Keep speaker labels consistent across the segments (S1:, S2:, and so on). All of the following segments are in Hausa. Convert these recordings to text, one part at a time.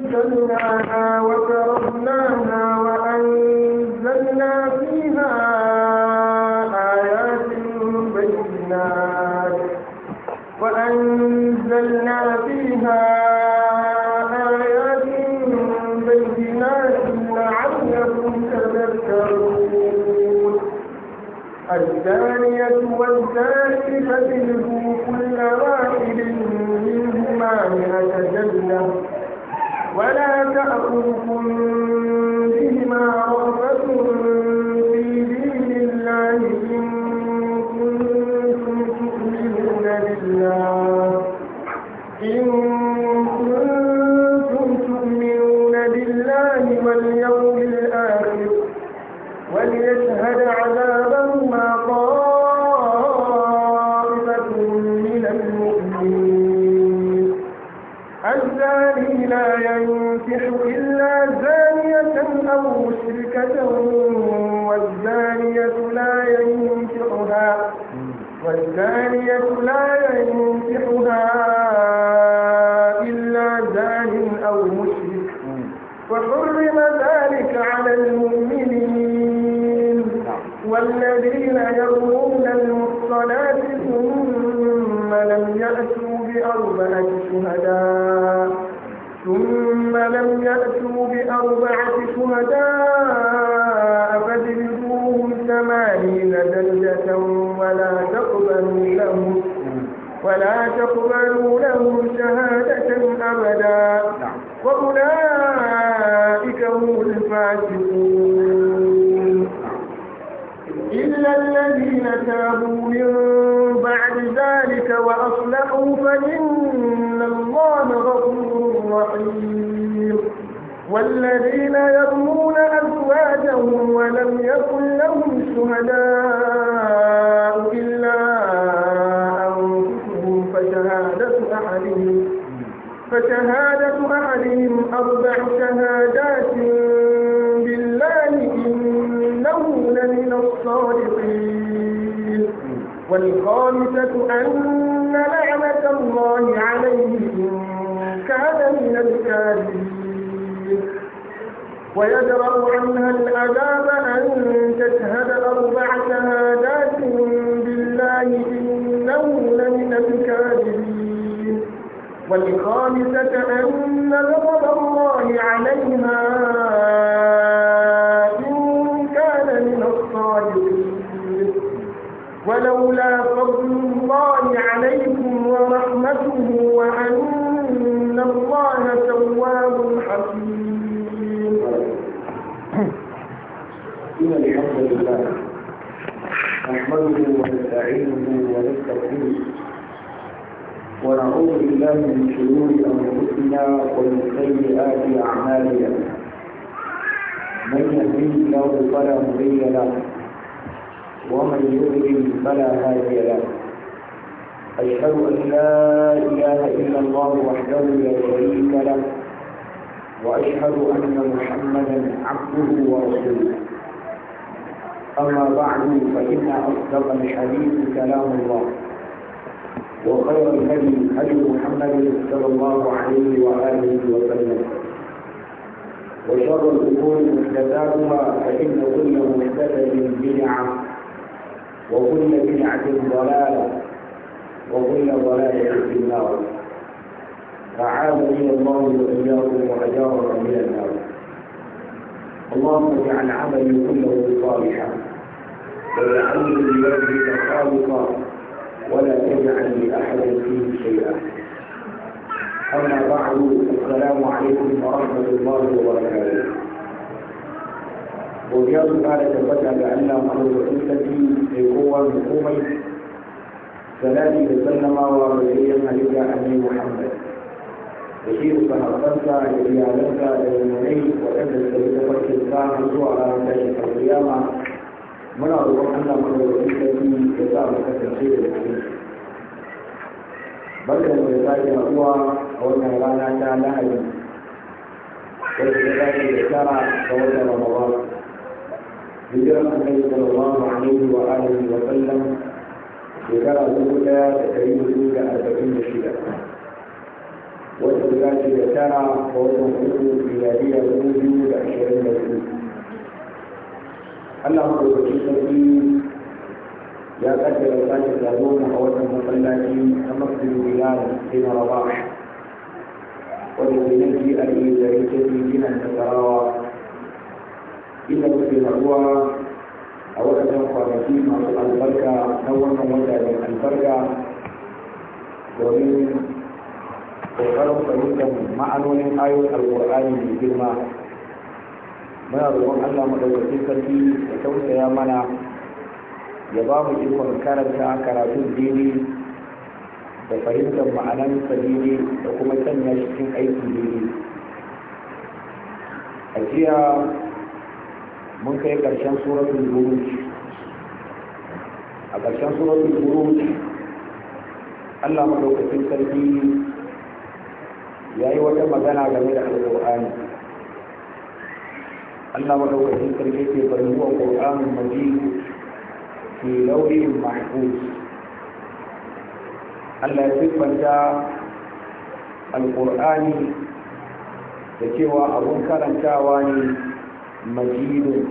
S1: مكناها وتركناها وأنزلنا فيها آيات بينات لعلكم تذكرون الزانية والزاني فاجلدوا كل واحد منهما مئة ولا تأخذكم يقبلوا لهم شهادة أبدا نعم. وأولئك هم الفاسقون إلا الذين تابوا من بعد ذلك وأصلحوا فإن الله غفور رحيم والذين يرمون أزواجهم ولم يكن لهم شهداء والخامسة أن لعنة الله عليه إن كان من الكاذبين ويدرأ عنها العذاب أن تشهد أربع شهادات بالله إنه لمن الكاذبين والخامسة أن غضب الله عليها
S2: ونعوذ بالله من شرور أنفسنا ومن سيئات أعمالنا من يهديه الله فلا مضي له ومن يضلل فلا هادي له أشهد أن لا إله إلا الله وحده لا شريك له وأشهد أن محمدا عبده ورسوله أما بعد فإن أصدق الحديث كلام الله وخير الهدي هدي محمد صلى الله عليه واله وسلم وشر الامور محدثاتها فان كل محدثه بدعه وكل بدعه ضلاله وكل ضلاله في النار فعاذني الله واياكم واجارنا من النار اللهم اجعل عملي كله صالحا واجعلني بوجهك خالقا ولا تجعل لأحد فيه شيئا أما بعد السلام عليكم ورحمة الله وبركاته وجاءوا قال تبدا بان امر الفتنه في قوى الحكومه فنادي بسلم الله عليك علي محمد بشير فنظرت الى لك الى المنيه وكذا سيدك الساعه على ذلك القيامه muna roƙon Allah mu da wani sarki ya sa mu kasance da shi barkan mu da sake haɗuwa a wannan rana ta Lahadi wacce ta sake da tara ga watan Ramadan hijiran annabi sallallahu alaihi wa alihi wa sallam shekara dubu ɗaya da ɗari hudu da arba'in da shida wacce ta sake da tara ga watan hudu miliyariya dubu biyu da ashirin da biyu Allah ku dauki sarki ya kaddara sake zaro mu a wannan masallaci na masjid bilal ibn rabah wanda ke nan ji a yi da yake jinan nasarawa Ina muke haɗuwa a waɗannan kwanaki masu albarka na wannan wata mai albarka domin ƙoƙarin fahimtar ma'anonin ayoyin alƙur'ani mai girma muna roƙon Allah madaukakin sarki ya tausaya mana ya ba mu ikon karanta karatun dini da fahimtar ma'anan dini da kuma sanya cikin aiki dini a jiya mun kai ƙarshen suratul buruj a ƙarshen suratul buruj Allah madaukakin sarki ya yi wata magana game da alƙur'ani Allah madaukakin sarki ce bari huwa qur'anun majid fi lawhin Allah ya siffanta alqur'ani da cewa abun karantawa ne majidun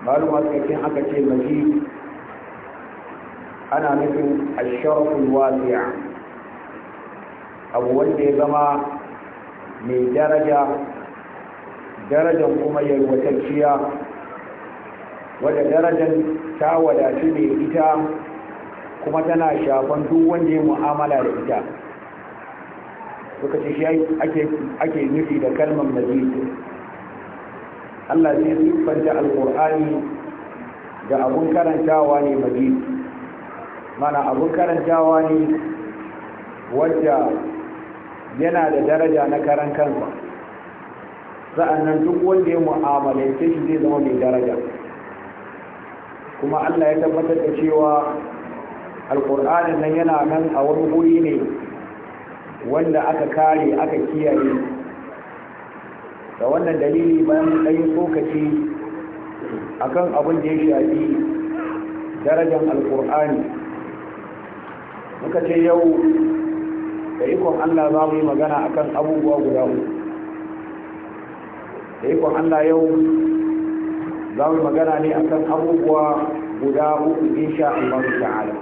S2: maluma cikin aka ce majid ana nufin asharafin wasi'a abu wanda ya zama mai daraja darajar kuma yalwatacciya wadda darajar ta wadaci ne ita kuma tana shafan duk wanda ya mu'amala da ita suka ce shi ake nufi da kalmar mazid Allah zai siffanta alkur'ani da abun karantawa ne mazid mana abun karantawa ne wadda yana da daraja na karan kansa sa'annan duk wanda ya mu'amala ya shi zai zama mai daraja kuma Allah ya tabbatar da cewa alƙur'anin nan yana nan a wani guri ne wanda aka kare aka kiyaye da wannan dalili bayan ɗayin tsokaci kan abin da ya shafi darajar alƙur'ani muka ce yau da ikon Allah za mu yi magana akan abubuwa guda uku da ikon allah yau za mu magana ne akan abubuwa guda uku insha Allah ta'ala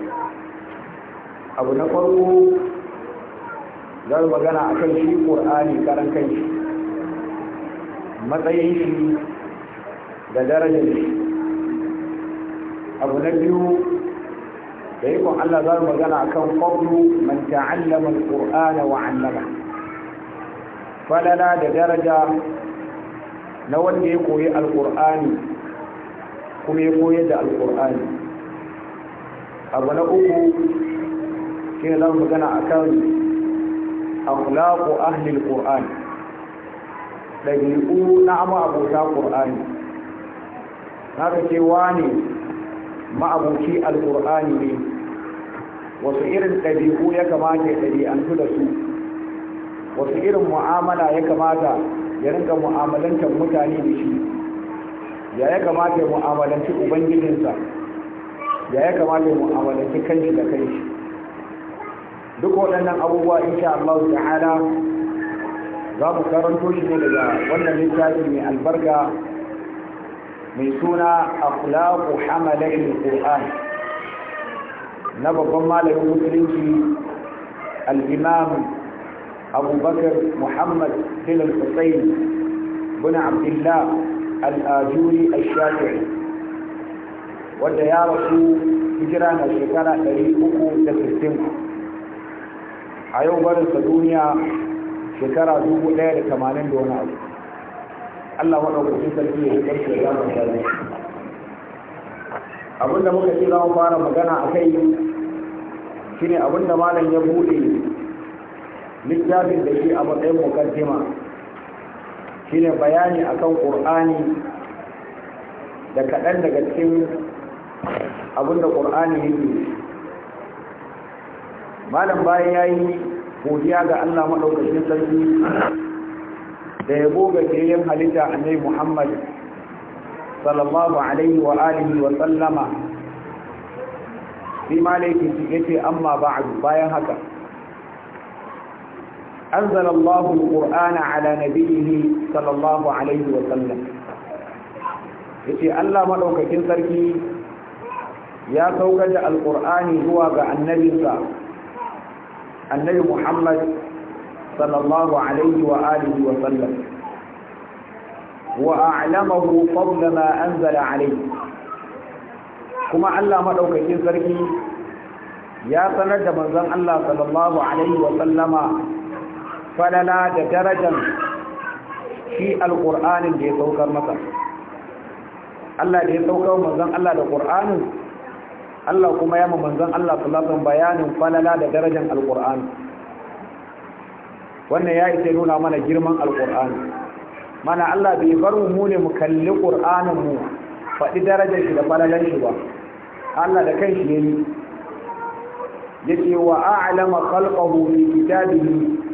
S2: abu na farko za mu magana akan shi qur'ani karan shi, matsayin shi da darajar shi abu na biyu da ikon Allah za mu magana akan fadlu man ta'allama al wa 'allama falala da daraja na wanda ya koyi alkur'ani kuma ya koyar da alkur'ani abu na uku shi za mu gana a kan akhlaqu ƙur'ani. alqur'an dabi'u na amma abota qur'ani haka ce wani ma'abuci alqur'ani ne wasu irin ɗabi'u ya kamata ya dabi'antu da su wasu irin mu'amala ya kamata ya rinka mu'amalantar mutane da shi ya ya kamata ya mu'amalanci ubangijinsa ya ya kamata mu'amalanci kanshi da kanshi duk waɗannan abubuwa insha Allah ta'ala za mu karanto shi ne daga wannan littafi mai albarka mai suna akhlaqu hamalai alquran na babban malamin musulunci al-imam Abu Bakar Muhammad, filin الحسين بن Abdullah الله الآجوري الشافعي wanda ya rasu hijira na shekara 360 a yau barinsa duniya shekara 1,080 da wani abu allah maɗaukacin sarki ya shekar shi ya mata ne abinda muka ce za mu fara magana a kai shine abinda malam ya buɗe littafin da shi a matsayin mukaddima shine bayani akan qur'ani da kaɗan daga cikin abinda qur'ani yake malam bayan yayi godiya ga Allah maɗaukacin sarki da ya goga kiyayen halitta annabi Muhammad sallallahu alaihi wa alihi wa sallama shi laifi ce amma ba'du bayan haka أنزل الله القرآن على نبيه صلى الله عليه وسلم يتي الله ملوك كنسركي يا توجد القرآن هو النبي النبي محمد صلى الله عليه وآله وسلم وأعلمه قبل ما أنزل عليه كما الله ملوك كنسركي يا سند من الله صلى الله عليه وسلم falala da darajar
S3: shi alƙur'anin
S2: da ya saukar masa Allah da ya saukar manzan Allah da ƙur'anin Allah kuma ya ma manzan Allah sallallahu bayanin falala da darajar alƙur'ani wannan ya isa nuna mana girman alƙur'ani mana Allah bai bar mu ne mu kalli ƙur'anin faɗi darajar shi da falalan shi ba Allah da kanshi yayi yake wa a'lama khalqahu bi kitabihi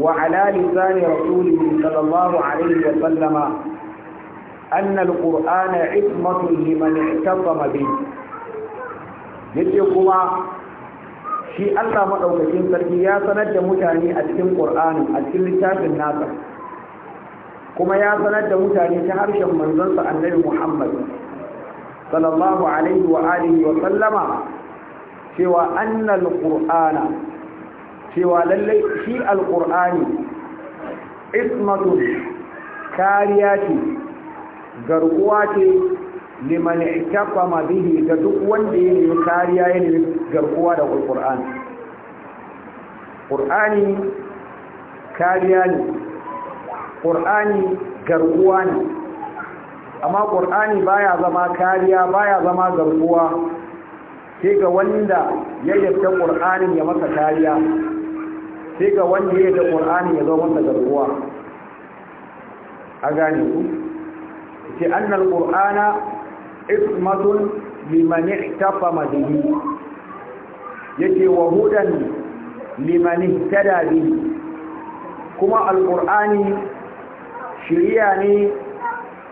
S2: وعلى لسان رسوله صلى الله عليه وسلم أن القرآن عصمة لمن اعتصم به yake kuma shi Allah maɗaukacin sarki ya sanar da mutane a cikin Qur'anin a cikin littafin nasa kuma ya sanar da mutane ta harshen manzonsa Annabi Muhammad sallallahu alaihi wa wa cewa annal ƙur'ana. cewa lallai shi alƙur'ani ismatun kariya ce garkuwa ce liman ittaqama bihi ga duk wanda ya nemi kariya ya nemi garkuwa da alƙur'ani ƙur'ani kariya ne ƙur'ani garkuwa ne amma ƙur'ani baya zama kariya baya zama garkuwa sai ga wanda ya yadda ƙur'anin ya masa kariya sai ga wanda ya da ƙur'ani ya zama ga ruwa a gane ku ce annal ƙur'ana ismatun liman ihtafama bihi yake wa hudan limani ta bihi kuma alƙur'ani shiriya ne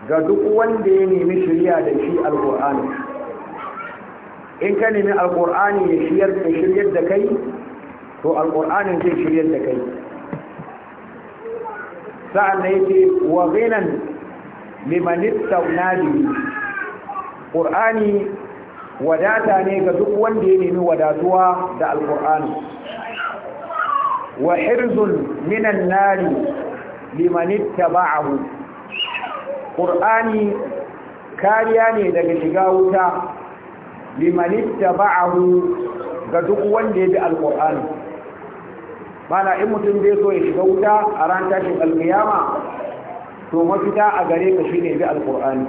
S2: ga duk wanda ya nemi shiriya da shi alƙur'ani in ka nemi alƙur'ani ya shiyar shiryar da kai to alƙur'anin zai shiryar da kai sa'an da yake wa zinan limanista nadi ƙur'ani wadata ne ga duk wanda ya nemi wadatuwa da alƙur'ani wa hirzun minan nari limanista ba'ahu ƙur'ani kariya ne daga shiga wuta limanista ba'ahu ga duk wanda ya bi alƙur'ani mana in mutum zai so ya shiga wuta a ran tashin alkiyama to mafita a gare ka shine bi alqur'ani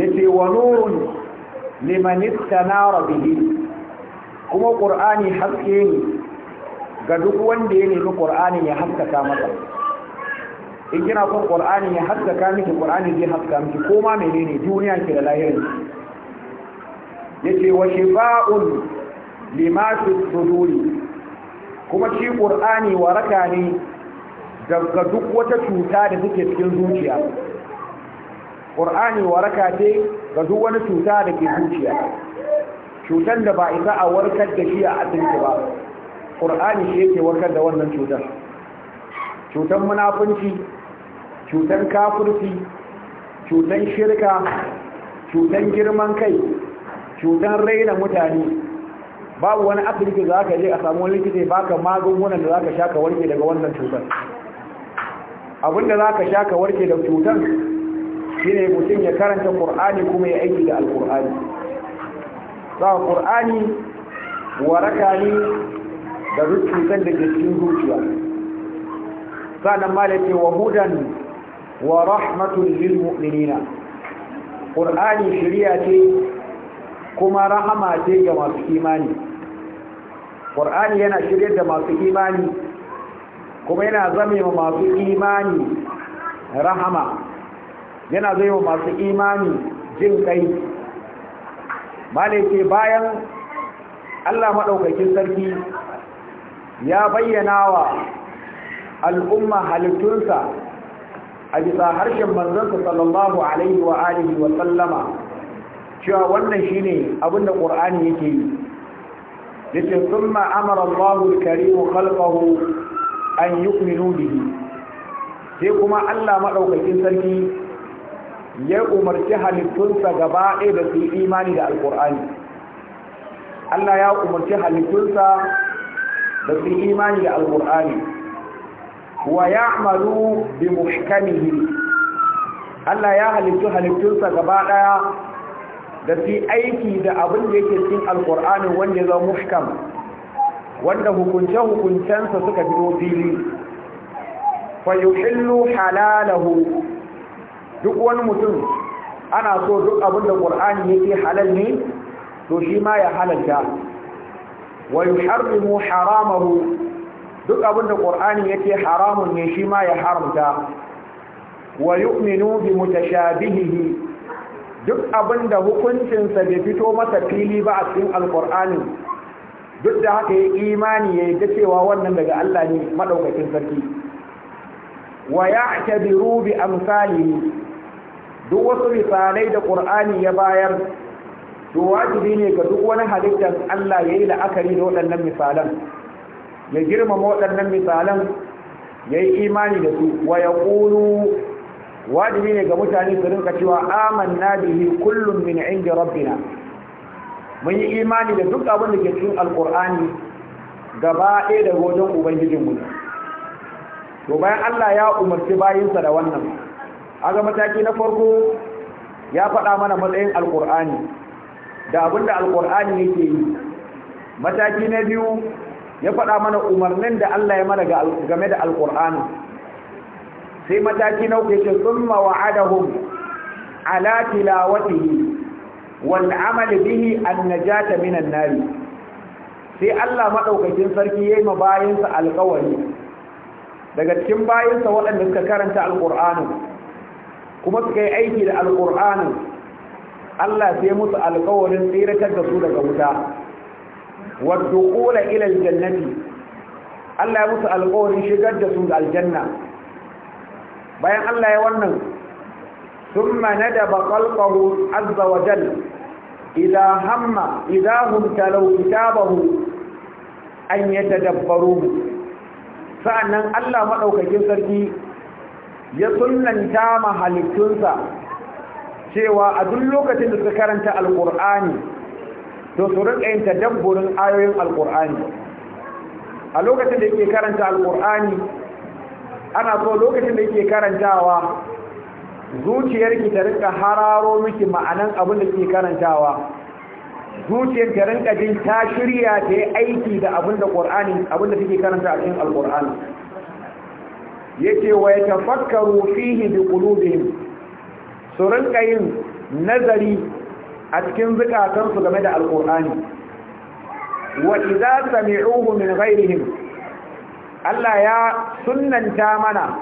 S2: yace wa nurun liman istanara bihi kuma qur'ani haske ne ga duk wanda ya nemi qur'ani ya haskaka masa in kina son qur'ani ya haskaka miki qur'ani zai haskaka miki ko menene duniya ke da lahirin yace wa shifa'un lima fi suduri kuma shi ƙur'ani waraka ne daga duk wata cuta da take cikin zuciya ƙur'ani waraka ce ga duk wani cuta da ke zuciya cutar da ba isa a warkar da shi a asibiti ba ƙur'ani shi yake warkar da wannan cutar cutar munafunci cutar kafurci cutar shirka cutar girman kai cutar raina mutane babu wani asibiti za ka je a samu wani likita ya baka magungunan da za ka sha ka warke daga wannan cutar abinda za ka sha ka warke da cutar shine mutum ya karanta qur'ani kuma ya aiki da alqur'ani za qur'ani waraka ne da duk da ke cikin zuciya sannan malaka wa hudan wa rahmatun lil mu'minina qur'ani shari'a ce kuma rahama ce ga masu imani ƙur'ani yana shirya da masu imani kuma yana zame wa masu imani rahama yana zai wa masu imani jin kai malaike bayan allah maɗaukakin sarki ya bayyana wa al'umma halittunsa a bisa harshen manzansa sallallahu alaihi wa alihi wa sallama cewa wannan shi ne abinda qur'ani yake yi yace thumma amara Allahu al-karim an yi yu'minu bihi sai kuma Allah maɗaukakin sarki ya umarci halittunsa gaba ɗaya da su imani da alqur'ani Allah ya umarci halittunsa da su imani da alqur'ani wa ya ya'malu bi muhkamihi Allah ya halittu halittunsa gaba ɗaya da su aiki da abin da yake cikin alkur'anin wanda ya zama muhkam wanda hukunce-hukuncensa suka fito fili fayuhillu halalahu duk wani mutum ana so duk abin da ƙur'ani yake halal ne to shi ma ya halalta wa yuharrimu haramahu duk abin da ƙur'ani yake haramun ne shi ma ya haramta wa yu'minu bi mutashabihihi duk abin da hukuncinsa bai fito masa fili ba a cikin alkur'ani duk da haka ya imani ya yi cewa wannan daga Allah ne maɗaukakin sarki wa ya tabiru bi ne? duk wasu misalai da ƙur'ani ya bayar to wajibi ne ga duk wani halittar Allah ya yi la'akari da waɗannan misalan ya girmama waɗannan misalan ya yi imani da su wa ya ƙunu? wajibi ne ga mutane su rinka cewa amanna bihi kullum min inda rabbina mun yi imani da duk abin da ke cikin alkur'ani gaba ɗaya da godon mu to bayan Allah ya umarci bayinsa da wannan aga mataki na farko ya faɗa mana matsayin alkur'ani da abin da alkur'ani yake yi mataki na biyu ya faɗa mana umarnin da Allah ya mana game da alkur'ani sai mataki na uku yake summa wa'adahum ala amali wal amal bihi an najata minan nari sai Allah maɗaukakin sarki yayi ma bayinsa alƙawari daga cikin bayinsa waɗanda suka karanta alƙur'ani kuma suka yi aiki da alƙur'ani Allah sai musu alƙawarin tsiratar da su daga wuta wa duqula ila aljannati Allah ya musu alƙawarin shigar da su da aljanna bayan Allah ya wannan da ندب خلقه عز وجل idha هم إذا هم تلو كتابه أن يتدبروه sa'annan Allah maɗaukakin sarki ya sunnanta halittunsa cewa a duk lokacin da suka karanta alqur'ani to su rika yin tadabburin ayoyin alqur'ani a lokacin da yake karanta alqur'ani ana so lokacin da yake karantawa zuciyarki ta rinka hararo miki ma'anan abin da ke karantawa zuciyar ta rinka jin ta shirya ta yi aiki da abin da ƙor'ani abin da take karanta a cikin alƙur'ani yake wa ya tafakkaru fihi bi qulubihim su rinka yin nazari a cikin zukatansu game da alƙur'ani wa idza sami'uhu min ghairihim Allah ya sunanta mana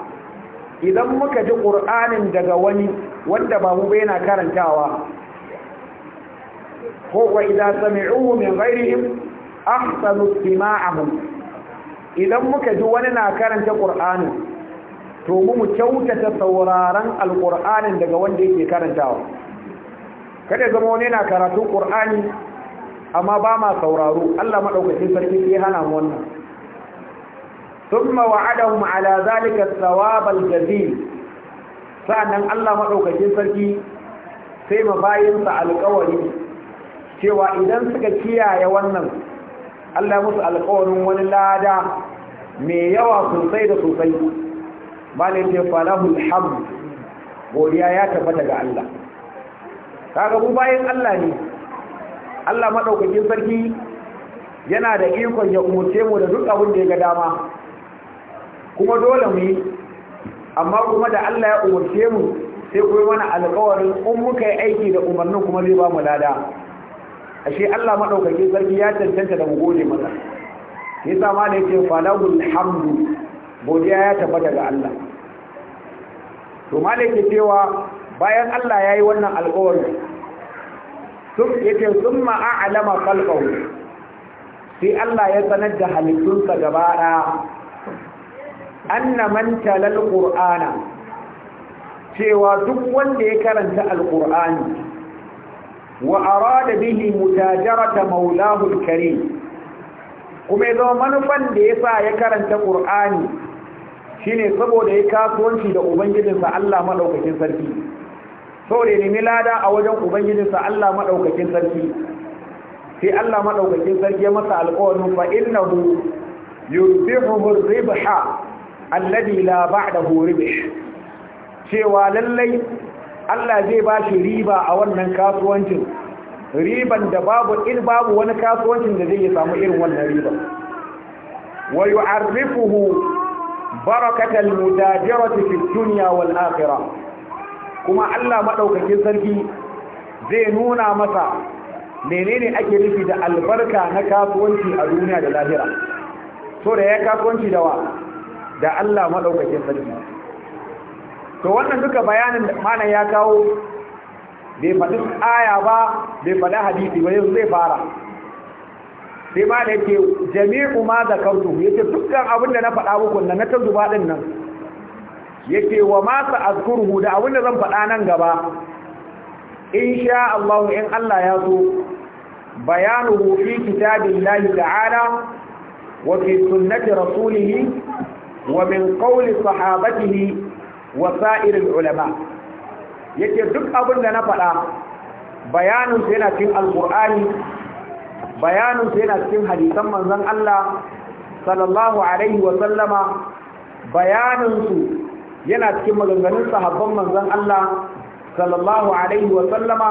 S2: idan muka ji ƙur'anin daga wani wanda ba mu na karantawa ko wa idan sami'uhu min ghairihim ahsanu istima'ahum idan muka ji wani na karanta ƙur'ani to mu mu kyautata sauraron alƙur'anin daga wanda yake karantawa kada zama wani na karatu ƙur'ani amma ba ma sauraro Allah madaukakin sarki sai hana mu wannan ثم وعدهم على ذلك الثواب الجزيل sa'annan Allah madaukakin sarki sai mabayinsa alƙawari cewa idan suka kiyaye wannan Allah musu alƙawarin wani lada mai yawa sosai da sosai malin ce falahul hamd godiya ya tabbata ga Allah kaga mu bayin Allah ne Allah madaukakin sarki yana da ikon ya umurce mu da duk abin da ya ga dama kuma dole mu yi amma kuma da Allah ya umarce mu sai kuma mana alƙawarin in muka yi aiki da umarnin kuma zai ba mu lada ashe Allah madaukake sarki ya tantance da mu gode masa sa ma da yake falahul hamdu godiya ya tabbata ga Allah to malai cewa bayan Allah ya yi wannan alƙawari sun yake sun ma'a'alama kalkawu sai Allah ya sanar da halittunsa gaba ɗaya anna man talal alqur'ana cewa duk wanda ya karanta alqur'ani wa arada bihi mutajarata maulahu alkarim kuma yazo manufan da yasa ya karanta qur'ani shine saboda ya kasuwanci da ubangijinsa Allah madaukakin sarki saboda ne milada a wajen ubangijinsa Allah madaukakin sarki sai Allah madaukakin sarki ya masa alƙawarin fa innahu yurbihu ribha alladhi la da ribh cewa lallai Allah zai ba shi riba a wannan kasuwancin riban da babu in babu wani kasuwancin da zai samu irin wannan riba wa yu'arrifuhu barakatal mutajirati fi dunya wal akhirah kuma Allah madaukakin sarki zai nuna masa menene ake nufi da albarka na kasuwanci a duniya da lahira so da ya kasuwanci da wa da Allah maɗaukacin sarki to wannan duka bayanin da mana ya kawo bai faɗi aya ba bai faɗi hadisi ba yanzu zai fara sai ma da yake jami'u ma kautu yace dukkan abin da na faɗa muku na na zuba ɗin nan yake wa masa sa'azkuruhu da abin da zan faɗa nan gaba sha Allah in Allah ya so bayanuhu fi kitabillahi ta'ala wa fi sunnati rasulihi. wa min qawli sahabatihi wa sa'iril ulama yake duk abin da na faɗa bayanin sa yana cikin alqur'ani bayanin sa yana cikin hadisan manzon Allah sallallahu alaihi wa sallama bayanin su yana cikin maganganun sahabban manzon Allah sallallahu alaihi wa sallama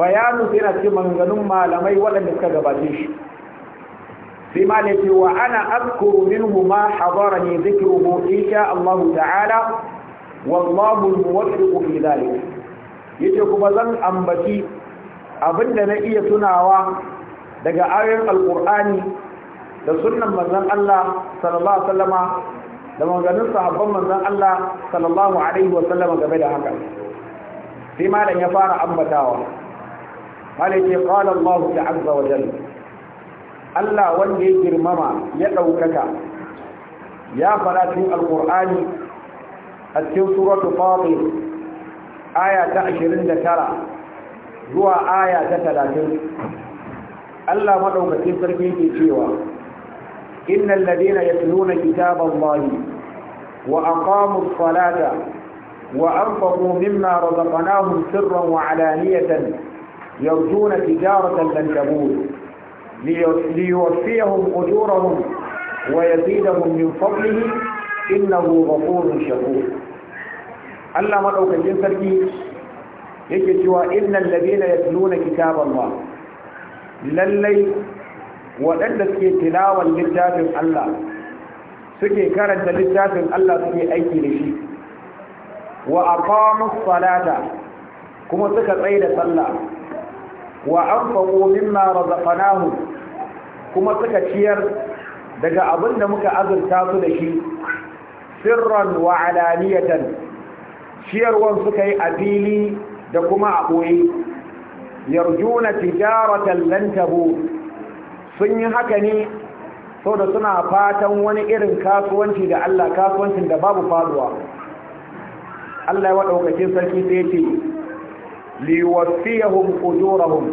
S2: bayanin sa yana cikin maganganun malamai waɗanda suka gabace shi sai ma da ce wa ana azkuru minhu ma hadara ne zikruhu insha Allah ta'ala wallahu muwaffiqu fi dhalik yace kuma zan ambaci abinda na iya tunawa daga ayoyin Alƙur'ani da sunnan manzon Allah sallallahu alaihi wasallama da maganganun sahabban manzon Allah sallallahu alaihi wasallama game da haka sai malam ya fara ambatawa malai ce qala Allah ta'azza wa jalla Allah wanda ya girmama ya ɗaukaka ya faɗa cikin alƙur'ani a cikin suratu fatir aya ta 29 zuwa aya ta 30 Allah madaukakin sarki yake cewa innal ladina yatluna kitaballahi wa aqamus salata wa anfaqu mimma razaqnahum sirran wa alaniyatan yarjuna tijaratan lan tabur ليوفيهم أجورهم ويزيدهم من فضله إنه غفور شكور Allah madaukakin sarki yake cewa innal ya nuna kitaballah lallai waɗanda suke tilawan littafin Allah suke karanta littafin Allah suke aiki da shi wa aqamus salata kuma suka tsaye da sallah wa anfaqu mimma razaqnahum kuma suka ciyar daga abin da muka azurta su da shi sirran wa alaniyatan ciyarwan suka yi a fili da kuma a ɓoye yarjuna tijaratan lan tabu sun yi haka ne Sau da suna fatan wani irin kasuwanci da Allah kasuwancin da babu faduwa Allah ya wadaukakin sarki sai ce liwafiyahum ujurahum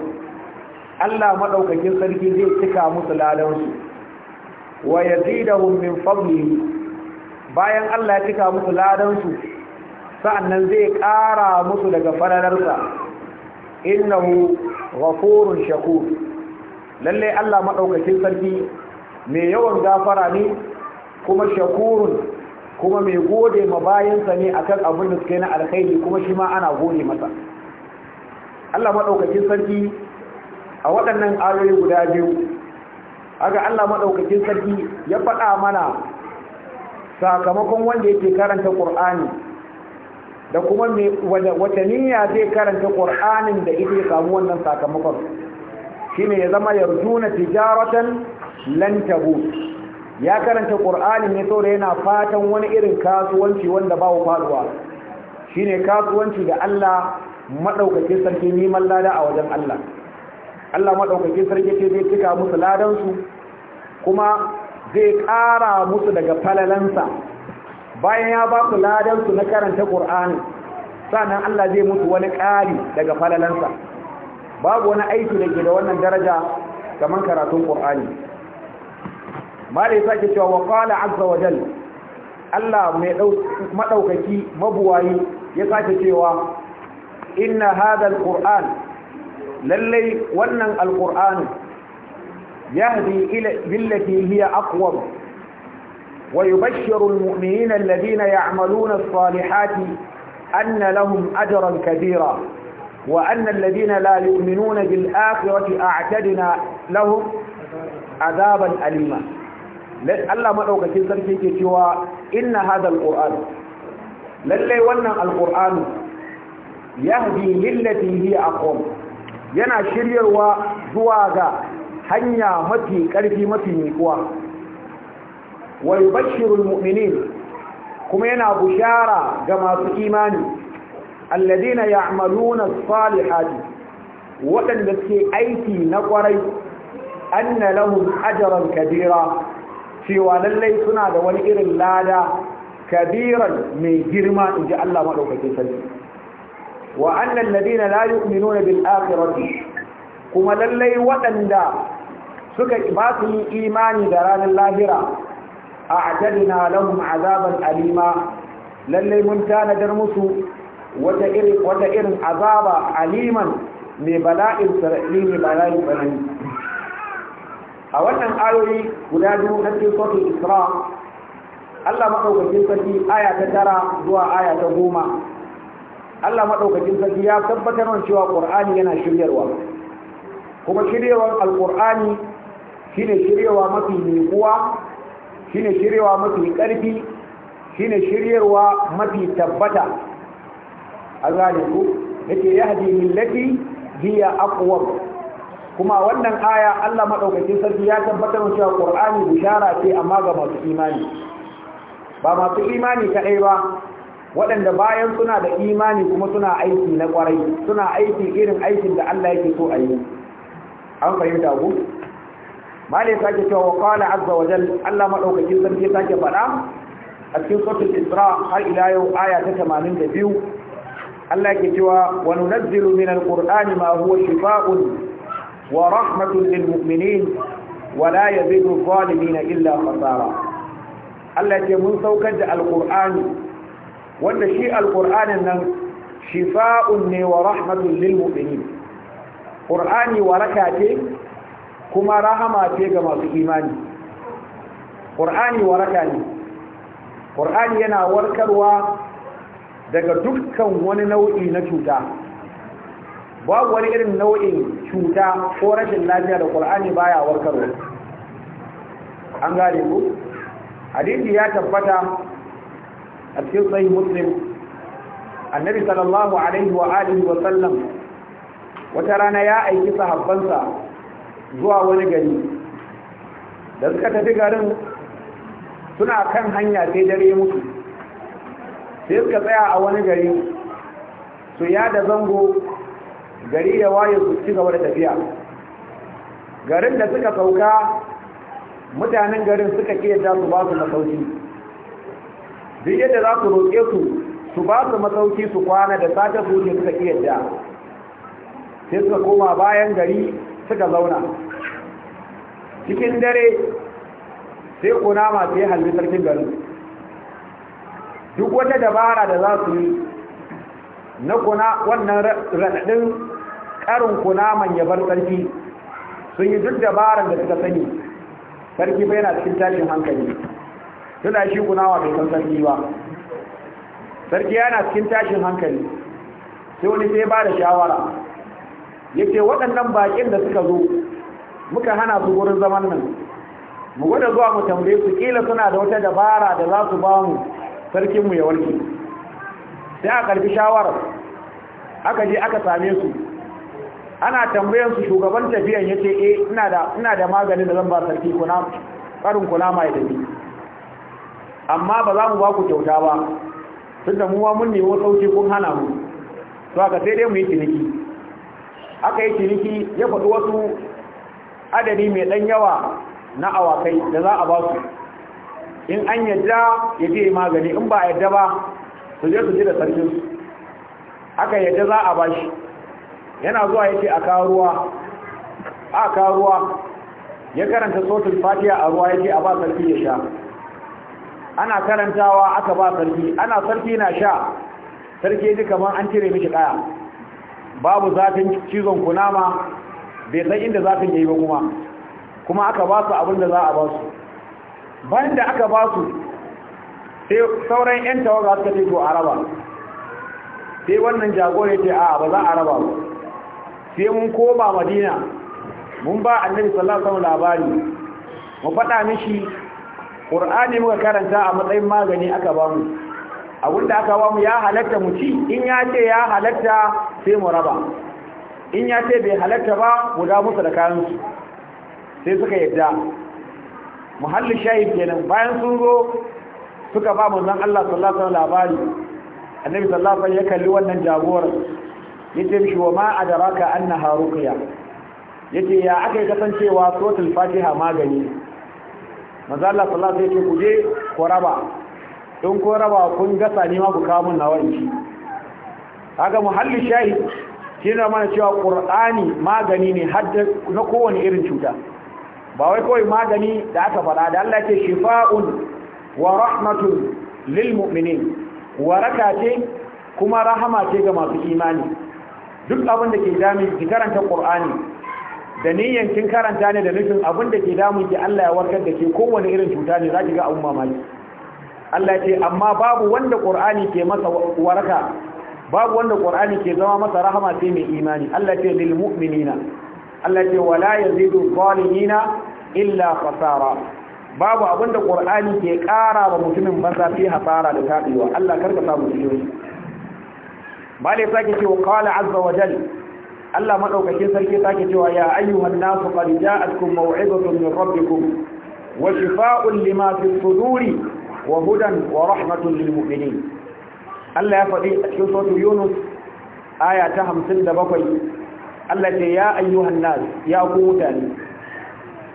S2: Allah maɗaukakin sarki zai cika musu ladansu wa yazidahum min fadlihi bayan Allah ya cika musu ladan su, sa'annan zai ƙara musu daga inna innahu ghafurun shakur lalle Allah madaukakin sarki mai yawan gafara ne kuma shakurun kuma mai gode ma bayansa ne akan abin da suke na alkhairi kuma shi ma ana gode masa Allah madaukakin sarki a waɗannan ayoyi guda biyu aga Allah maɗaukakin sarki ya faɗa mana sakamakon wanda yake karanta ƙur'ani da kuma wata niyya zai karanta ƙur'anin da ita samu wannan sakamakon shine ya zama yarjuna tijaratan lan tabu ya karanta ƙur'ani ne saboda yana fatan wani irin kasuwanci wanda faruwa. Shi shine kasuwanci da Allah maɗaukakin sarki neman lada a wajen Allah Allah maɗaukakin sarki ce zai cika musu ladansu kuma zai ƙara musu daga falalansa bayan ya ba su ladansu na karanta ƙur'ani sannan Allah zai musu wani ƙari daga falalansa babu wani aiki da ke da wannan daraja kamar karatun ƙur'ani malai sake cewa wa azzawajal azza wa jal Allah mai maɗaukaki mabuwayi ya sake cewa inna hadal Kur'an. للي ونن القرآن يهدي إلى بالتي هي أقوى ويبشر المؤمنين الذين يعملون الصالحات أن لهم أجرا كبيرا وأن الذين لا يؤمنون بالآخرة أعتدنا لهم عذابا أليما لا ما أوقع كي إن هذا القرآن للي ونن القرآن يهدي للتي هي أقوى yana shiryarwa zuwa ga hanya mafi ƙarfi mafi kuwa. wa yubashshirul mu'minin kuma yana bushara ga masu imani alladina ya'maluna salihati waɗanda suke aiki na ƙwarai anna lahum kabira cewa lallai suna da wani irin lada kabiran mai girma inji Allah ɗaukake sarki wa annal ladina la yu'minuna bil akhirati kuma lallai waɗanda suka ba su yi imani da ranar lahira a'tadna lahum azaban alima lallai mun tanadar musu wata irin wata irin azaba aliman mai bala'in sarari mai bala'in a wannan ayoyi guda biyu na cikin sokin isra Allah maɗaukakin sarki aya ta tara zuwa aya ta goma Allah madaukakin sarki ya tabbatar wa cewa Qur'ani yana shiryarwa kuma shiryewar Al-Qur'ani shine shiryarwa mafi nikuwa shine shiryarwa mafi karfi shine shiryarwa mafi tabbata azaliku ku yake yahdi millati hiya aqwa kuma wannan aya Allah madaukakin sarki ya tabbatar wa cewa Qur'ani bishara ce amma ga masu imani ba masu imani kadai ba waɗanda bayan suna da imani kuma suna aiki na kwarai suna aiki irin aikin da Allah yake so a yi an fahimta ku malai sake cewa wa azza wa Allah madaukakin sarki sake faɗa a cikin suratul isra har ila yau aya ta biyu. Allah ke cewa wani nunazzilu minal qur'ani ma huwa Shifa'un, wa rahmatun lil mu'minin wa la yazidu adh illa khasara Allah yake mun saukar da alqur'ani wanda shi alƙur'anin nan shifa'un ne wa rahmatun lil ƙur'ani waraka ce kuma rahama ce ga masu imani ƙur'ani waraka ne ƙur'ani yana warkarwa daga dukkan wani nau'i na cuta babu wani irin nau'in cuta ko rashin lafiya da ƙur'ani baya warkarwa an gane ku hadisi ya tabbata a cikin sahih muslim annabi sallallahu alaihi wa alihi wa sallam wata rana ya aiki sahabbansa zuwa wani gari da suka tafi garin suna kan hanya sai dare musu sai suka tsaya a wani gari su ya da zango gari ya waye su ci gaba da tafiya garin da suka sauka mutanen garin suka kiyata su ba su masauki duk yadda za ku roƙe su su ba su masauki su kwana da sata su suka iya da sai suka koma bayan gari suka zauna cikin dare sai kunama yi halbi sarkin garin duk wata dabara da za su yi na kuna wannan raɗaɗin ƙarin kunaman ya bar sarki sun yi duk dabaran da suka sani sarki bai na cikin tashin hankali tuna shi kunawa bai san sarki ba sarki yana cikin tashin hankali sai wani sai ba da shawara yace waɗannan baƙin da suka zo muka hana su gurin zaman nan mu gwada zuwa mu tambaye su kila suna da wata dabara da za su ba mu sarkinmu ya warke sai a ƙarfi shawara. aka je aka same su ana tambayan su shugaban tafiyan ya ce eh, ina da maganin da zan ba sarki ƙarin kuna mai tafi amma ba za mu ba ku kyauta ba tun da muwa mun nemo sauki kun hana mu to aka sai dai mu yi ciniki aka yi ciniki ya faɗi wasu adadi mai ɗan yawa na awakai da za a ba su in an yadda ya je magani in ba a yadda ba su je su ji da sarkin su aka yadda za a ba shi yana zuwa ya ce a kawo ruwa a kawo ruwa ya karanta sautin fatiya a ruwa ya ce a ba sarki ya sha ana karantawa aka ba sarki ana sarki na sha sarki ji kamar an cire miki kaya babu zafin cizon kunama bai san inda zafin yayi ba kuma kuma aka ba su abin da za a ba su bayan da aka ba su sai sauran yan tawaga suka ce to araba sai wannan jagore ce a ba za a raba ba sai mun koma madina mun ba annabi sallallahu alaihi wasallam labari mu faɗa mishi ƙur'ani muka karanta a matsayin magani aka ba mu abinda aka ba mu ya halatta mu ci in ya ce ya halatta sai mu raba in ya ce bai halatta ba mu da musu da kayansu sai suka yadda muhallin shahid kenan bayan sun zo suka ba zan Allah sallallahu alaihi labari annabi sallallahu alaihi ya kalli wannan jagoran yace mishi wa ma adraka annaha ruqya yace ya akai kasancewa suratul fatiha magani Maza Allah sallallahu alaihi wasallam ku je ku raba in ku raba kun gasa ni ma ku kawo mun nawa inci kaga muhalli shahid shine mana cewa qur'ani magani ne hadda na kowane irin cuta ba wai kawai magani da aka fara da Allah ke shifa'un wa rahmatun lil mu'minin waraka ce kuma rahama ce ga masu imani duk abin da ke dami ki karanta qur'ani da niyyan kin karanta ne da nufin abin da ke damun ki Allah ya warkar da ke kowane irin cuta ne zaki ga abun mamaki Allah ce amma babu wanda Qur'ani ke masa waraka babu wanda Qur'ani ke zama masa rahama sai mai imani Allah ce lil mu'minina Allah ce wala yazidu zalimina illa khasara babu abinda Qur'ani ke ƙara wa mutumin banza fi hasara da tabiwa Allah karka sa mu cikin shi bale sake cewa qala azza wa jalla Allah madaukakin sarki sake cewa ya ayyuhan nasu qad ja'atkum maw'izatun min rabbikum wa shifaa'un lima fi suduri wa hudan wa rahmatun lil mu'minin Allah ya faɗi a cikin suratul Yunus aya ta 57 Allah ce ya ayyuhan nas ya ku mutane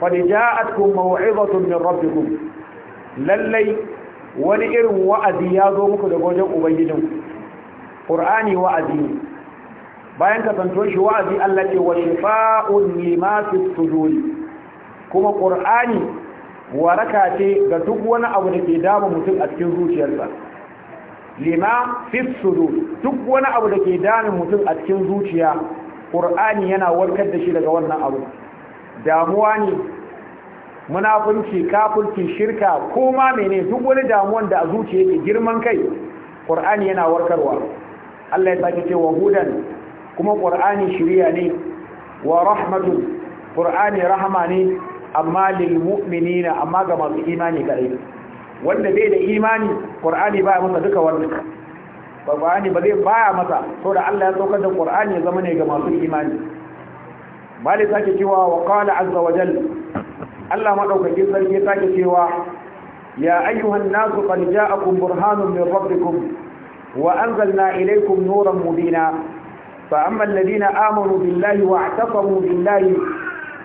S2: qad ja'atkum maw'izatun min rabbikum lallai wani irin wa'azi ya zo muku daga wajen ubangijinku qur'ani wa'azi bayan kasantuwar shi wa'azi Allah ce wa shifa'un lima fi kuma ƙur'ani waraka ce ga duk wani abu da ke damu mutum a cikin zuciyarsa lima fi duk wani abu da ke damun mutum a cikin zuciya ƙur'ani yana warkar da shi daga wannan abu damuwa ne munafunci kafirci shirka ko ma mene duk wani damuwan da a zuciya yake girman kai Ƙur'ani yana warkarwa Allah ya sake cewa hudan kuma ƙur'ani shiriya ne wa rahmatu qur'ani rahma ne amma lil mu'minina amma ga masu imani kadai wanda bai da imani qur'ani baya masa duka wannan qur'ani ba zai baya masa da Allah ya saukar da qur'ani ya zama ne ga masu imani malik sake cewa wa qala azza wa jalla Allah maɗaukakin sarki sake cewa ya ayyuhan nasu qad ja'akum burhanun min rabbikum wa anzalna ilaykum nuran mubina فأما الذين آمنوا بالله واعتصموا بالله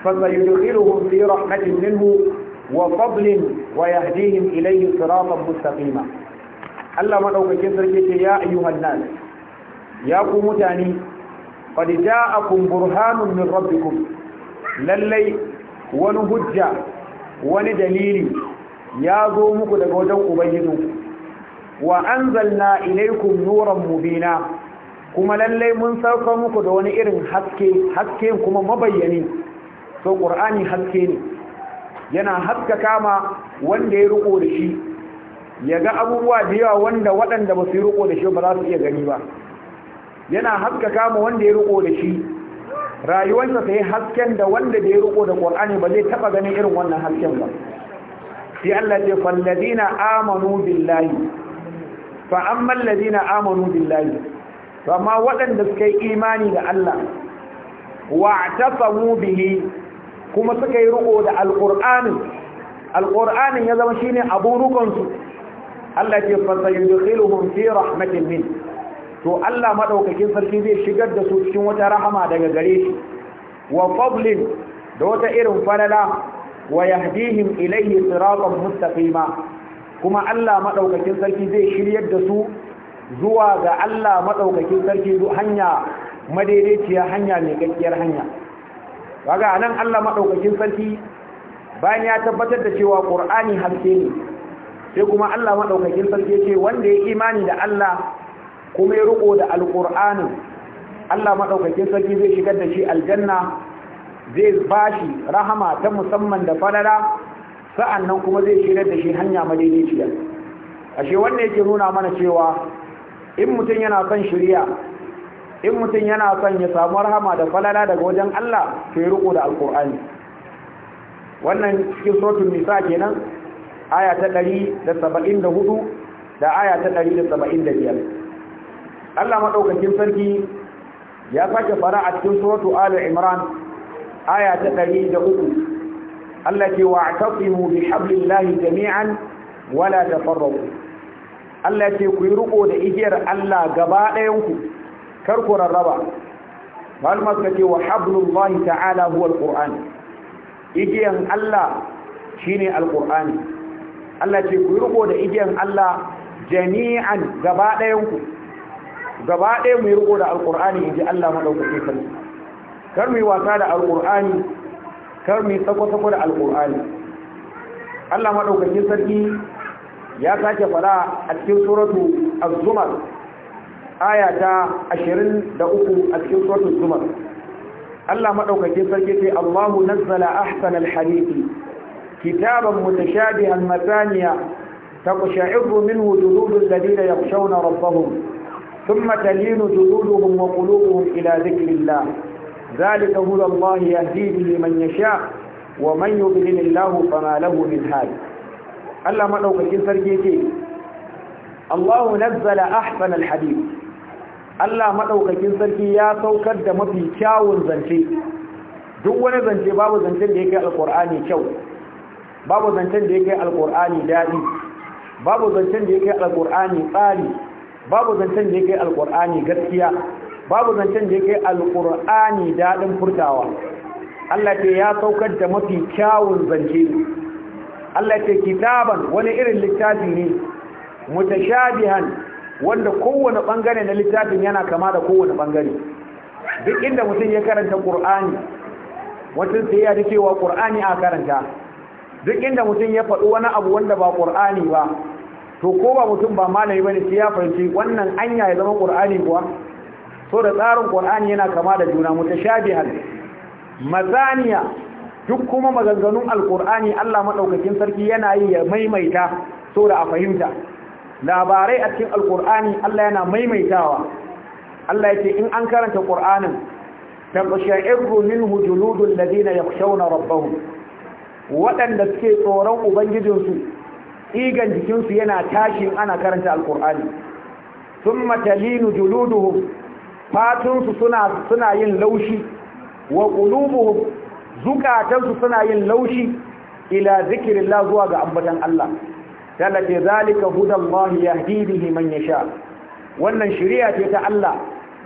S2: فسيدخلهم في رحمة منه وفضل ويهديهم إليه صراطا مستقيما Allah madaukakin sarki ce ya ayyuhan nas ya ku mutane qad ja'akum burhanun min rabbikum lallai wani hujja wani dalili ya zo muku daga wajen ubangiji wa inaikum ilaykum mu bina. kuma lallai mun sauka muku da wani irin haske haske kuma mabayyani so qur'ani haske ne yana haska kama wanda ya riko da shi ya ga abubuwa da yawa wanda waɗanda ba su yi riko da shi ba za su iya gani ba yana haska kama wanda ya riko da shi rayuwarsa ta yi hasken da wanda da ya riko da qur'ani ba zai taɓa ganin irin wannan hasken ba sai Allah ce falladina amanu billahi fa amma alladina amanu billahi amma waɗanda suka yi imani da Allah wa tasamu bihi kuma suka yi riko da alqur'ani alqur'ani ya zama shine abun rukun su Allah ke fasayudkhiluhum fi rahmatin min to Allah madaukakin sarki zai shigar da su cikin wata rahama daga gare shi wa fadlin da wata irin falala wa yahdihim ilayhi siratan mustaqima kuma Allah madaukakin sarki zai shiryar da su zuwa ga Allah maɗaukakin sarki hanya madaidaiciya hanya mai gaskiyar hanya kaga anan Allah maɗaukakin sarki bayan ya tabbatar da cewa Qur'ani haske ne sai kuma Allah maɗaukakin sarki ce wanda ya imani da Allah kuma ya riƙo da alƙur'anin Allah maɗaukakin sarki zai shigar da shi aljanna zai bashi rahama ta musamman da falala nan kuma zai shigar da shi hanya madaidaiciya ashe wanda yake nuna mana cewa in mutum yana son shirya in mutum yana son ya samu rahama da falala daga wajen Allah ke riko da alkur'ani wannan cikin sotun nisa kenan aya ta 174 da aya ta 175 Allah madaukakin sarki ya sake fara a cikin suratu Ali Imran aya ta 103 Allah ke wa'tasimu bihablillahi jami'an wala tafarraqu Allah ce ku yi riko da igiyar Allah gaba ɗayan ku kar ku rarraba malama ka ce wa hablullahi ta'ala huwa alquran igiyan Allah shine alqur'ani Allah ce ku yi riko da igiyan Allah jami'an gaba ɗayan ku gaba ɗaya mu yi riko da alƙur'ani in ji Allah maɗaukake sarki kar mu yi wasa da alƙur'ani kar mu yi tsako-tsako da alƙur'ani Allah maɗaukake sarki ya sake fara a cikin suratu az-zumar aya ta 23 a cikin suratu az-zumar Allah madaukakin sarki sai Allahu nazzala ahsana al-hadith kitaban mutashabihan mataniya تقشعر منه جلود الذين يخشون ربهم ثم تلين جلودهم وقلوبهم إلى ذكر الله ذلك هدى الله يهديه لمن يشاء ومن يضلل الله فما له من هاد Allah madaukakin sarki yake Allahu nazzala ahsanal hadith Allah madaukakin sarki ya saukar da mafi kyawun zance duk wani zance babu zancen da yake alqur'ani kyau babu zancen da yake alqur'ani dadi babu zancen da yake alqur'ani tsari babu zancen da yake alqur'ani gaskiya babu zancen da yake alqur'ani dadin furtawa Allah ke ya saukar da mafi kyawun zance Allah ce kitaban wani irin littafi ne mutashabihan wanda kowane bangare na littafin yana kama da kowane bangare duk inda mutum ya karanta Qur'ani wata sai ya cewa Qur'ani a karanta duk inda mutum ya faɗi wani abu wanda ba Qur'ani ba to ko ba mutum ba malami bane sai ya fahimci wannan anya ya zama Qur'ani kuwa so da tsarin Qur'ani yana kama da juna mutashabihan mazaniya duk kuma maganganun alkur'ani Allah maɗaukacin sarki yana yi ya maimaita so da a fahimta labarai a cikin alkur'ani Allah yana maimaitawa Allah ce in an karanta qur'anin tabashairu minhu juludul ya yakhshawna rabbahu Waɗanda suke tsoron ubangijinsu igan jikinsu yana tashin ana karanta alkur'ani thumma talinu juluduhum fatunsu suna suna yin laushi wa qulubuhum zukatansu suna yin laushi ila zikirillah zuwa ga ambatan Allah yana ce zalika hudallahi yahdi bihi man yasha wannan shari'a ce ta Allah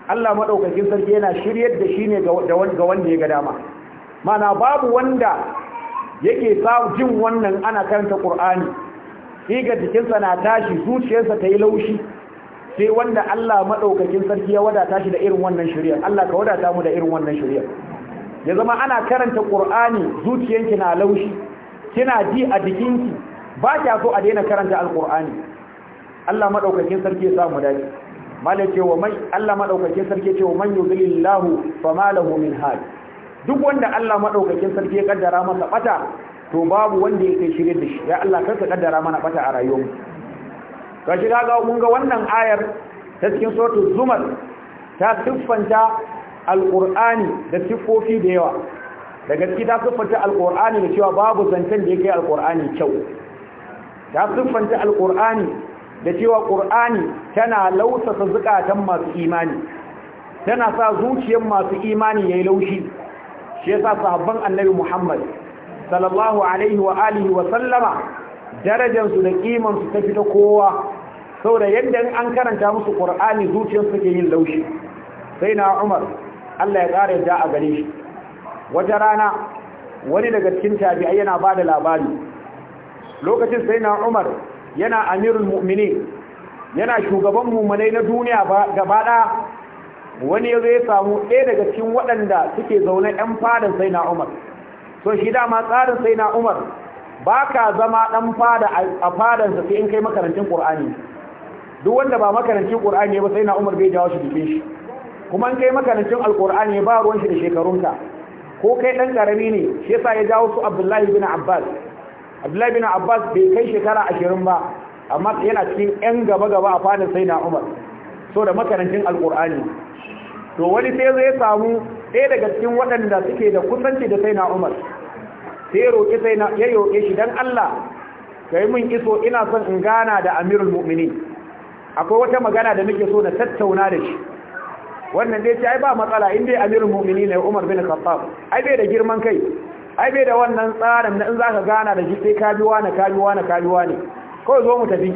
S2: Allah madaukakin sarki yana shiryar da shi ne ga wanda ya ga dama mana babu wanda yake sa jin wannan ana karanta Qur'ani siga jikinsa na tashi zuciyarsa ta yi laushi sai wanda Allah madaukakin sarki ya wadata shi da irin wannan shari'a Allah ka wadata mu da irin wannan shari'a ya zama ana karanta ƙur'ani zuciyanki na laushi kina ji a jikinki ba kya so a daina karanta alƙur'ani Allah maɗaukakin sarki ya samu dace wa mai Allah maɗaukakin sarki wa man yuzillahu fama lahu min hal duk wanda Allah maɗaukakin sarki ya kaddara masa bata to babu wanda ya kai shirye da shi ya Allah ka kaddara mana bata a ka kashi ga mun ga wannan ayar ta cikin suratul zumar ta siffanta alƙur'ani da siffofi da yawa da gaske ta siffanta alƙur'ani da cewa babu zancen da ya kai alƙur'ani kyau ta siffanta alƙur'ani da cewa ƙur'ani tana lausasa zukatan masu imani tana sa zuciyar masu imani ya yi laushi shi yasa sahabban annabi muhammad sallallahu alaihi wa alihi wa sallama darajarsu da kimansu ta fita kowa saboda yadda an karanta musu ƙur'ani zuciyarsu ke yin laushi sai na umar Allah ya ƙara da a gare shi wata rana wani daga cikin tabi'ai yana ba da labari lokacin sai na umar yana amirul mu'mini yana shugaban muminai na duniya gaba ɗaya wani ya ya samu ɗaya daga cikin waɗanda suke zaune ɗan fadan sai na umar so shi dama tsarin sai na umar ba ka zama ɗan fada a fadansa sai in kai makarantun ƙur'ani duk wanda ba makarantun ƙur'ani ba sai na umar bai jawo shi jikin shi kuma an kai makarancin alkur'ani ba ruwan shi da shekarunka ko kai dan karami ne shi yasa ya jawo su abdullahi bin abbas abdullahi bin abbas bai kai shekara ashirin ba amma yana cikin yan gaba gaba a fadin sai umar so da makarancin alkur'ani to wani sai zai samu ɗaya daga cikin waɗanda suke da kusanci da sai umar sai ya roƙi sai ya roƙe shi dan allah kai mun iso ina son in gana da amirul mu'minin akwai wata magana da muke so na tattauna da shi wannan dai ce ai ba matsala in dai amirul mu'mini ne Umar bin Khattab ai bai da girman kai ai bai da wannan tsarin na in zaka gana da shi sai ka biwa na ka biwa na ka biwa ne. kawai zo mu tafi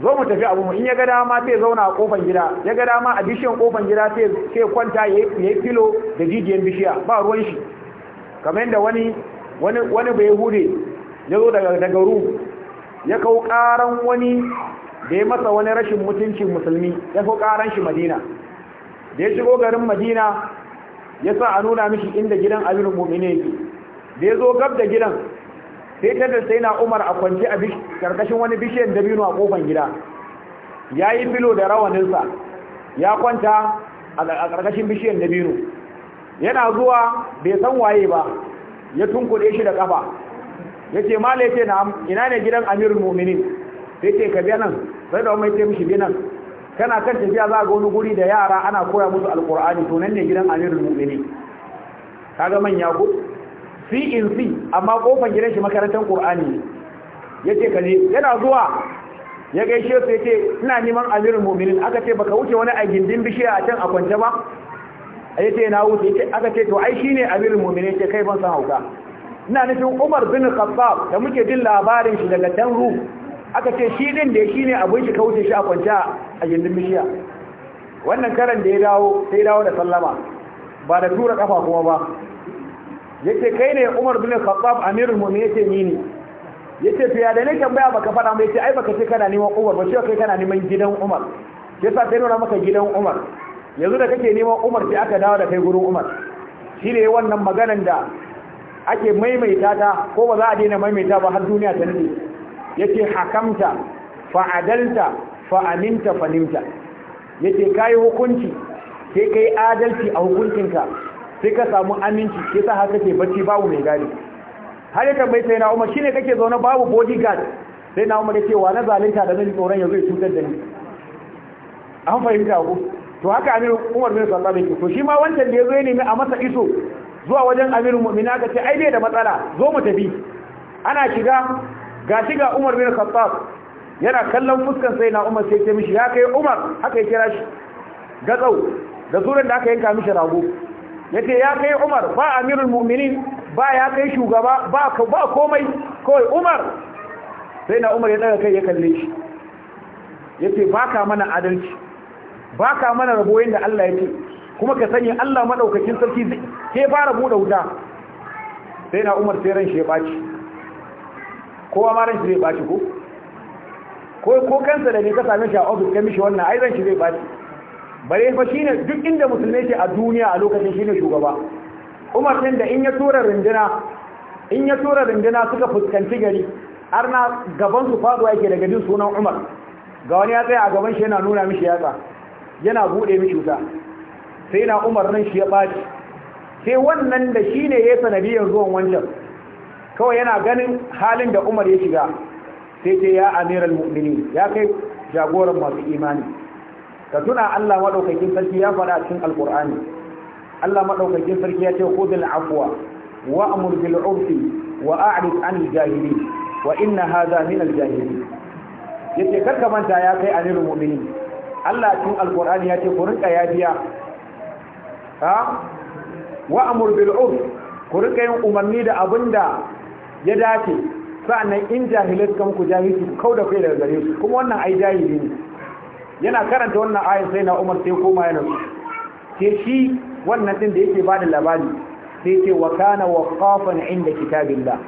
S2: zo mu tafi abu in ya ga dama sai zauna a kofar gida ya ga dama a bishiyar kofar gida sai sai kwanta yayi filo da jijiyar bishiya ba ruwan shi kamar yadda wani wani wani bai hude ya zo daga daga ru ya kau karan wani da ya masa wani rashin mutuncin musulmi ya kau karan shi madina da ya shigo garin madina ya sa a nuna mishi inda gidan abin mummine yake da ya zo gab da gidan sai da sai na umar a kwanci a karkashin wani bishiyan dabino a kofan gida ya yi filo da rawaninsa ya kwanta a karkashin bishiyan dabino yana zuwa bai san waye ba ya tunkuɗe shi da ƙafa ya ce mala na ina ne gidan amirul muminin sai ce ka bi nan sai da wani ce mishi bi nan kana kan tafiya za ga wani guri da yara ana koya musu alkur'ani to nan ne gidan amirul mu'minin kaga manya ko fi in fi amma kofar gidan shi makarantar qur'ani yace kaje yana zuwa ya gaishe su yace ina neman amirul mu'minin aka ce baka wuce wani a gindin bishiya a can a kwance ba yace na wuce yace aka ce to ai shine amirul mu'minin yace kai ban san hauka ina nufin Umar bin Khattab da muke jin labarin shi daga Tanru aka ce shi din da shi ne abin shi ka wuce shi a kwanta a gindin bishiya wannan karan da ya dawo sai dawo da sallama ba da tura kafa kuma ba yace kai ne Umar bin Khattab amirul mu'minin yace ni ne yace to ya da nake tambaya baka fada mai yace ai baka ce kana neman Umar ba shi kai kana neman gidan Umar yasa sai nuna maka gidan Umar yanzu da kake neman Umar sai aka dawo da kai gurin Umar shi ne wannan maganan da ake maimaita ta ko ba za a daina maimaita ba har duniya ta nade yace hakamta fa'adalta fa'aminta fanimta yace kai hukunci sai kai adalci a hukuncinka sai ka samu aminci sai sa haka ke bacci babu mai gari har yakan tambayi sai na umar shine kake zaune babu bodyguard sai na umar yace wa na zalunta da zan tsoron yanzu ya cutar da ni an fahimta ku to haka amir umar bin sallallahu alaihi to shi ma wancan da yazo ya nemi a masa iso zuwa wajen amirul mu'mina ai bai da matsala zo mu tafi ana shiga ga gashi ga Umar bin Khattab yana kallon fuskan sai na Umar sai ya mishi ya kai Umar haka ya kira shi gatsau da suran da aka yanka mishi rago yace ya kai Umar ba amirul mu'minin ba ya kai shugaba ba ba komai kawai Umar sai na Umar ya daga kai ya kalle shi yace baka mana adalci baka mana rabo yanda Allah ce, kuma ka sani Allah madaukakin sarki ke fara bude wuta sai na Umar sai ran shi ya baci kowa ma ran shi zai baci ko ko ko kansa da ne ka same shi a office ka mishi wannan ai ran shi zai baci bare fa shine duk inda musulmai ke a duniya a lokacin shine shugaba Umar din da in ya tura rinduna in ya tura rinduna suka fuskanci gari har na gaban su faduwa yake daga jin sunan Umar ga wani ya tsaya a gaban shi yana nuna mishi yatsa yana bude mishi wuta sai na Umar nan shi ya baci sai wannan da shine yayin sanadiyar zuwan wancan kawai yana ganin halin da umar ya shiga sai ce ya amiral mu'mini ya kai jagoran masu imani ka tuna Allah maɗaukakin sarki ya faɗa cikin Alƙur'ani. Allah maɗaukakin sarki ya ce khudil afwa wa amur bil urfi wa a'rid anil jahilin wa inna hadha min al jahilin yace karka manta ya kai amirul mu'mini Allah cikin Alƙur'ani ya ce ku rinka yafiya ha wa amur bil urfi ku rinka yin umarni da abinda ya dace nan, in jahilai suka muku jahilci ku da kai daga gare su kuma wannan ai jahili ne yana karanta wannan ayin sai na umar sai koma yana su ke shi wannan din da yake ba da labari sai ke wa kana waqafan inda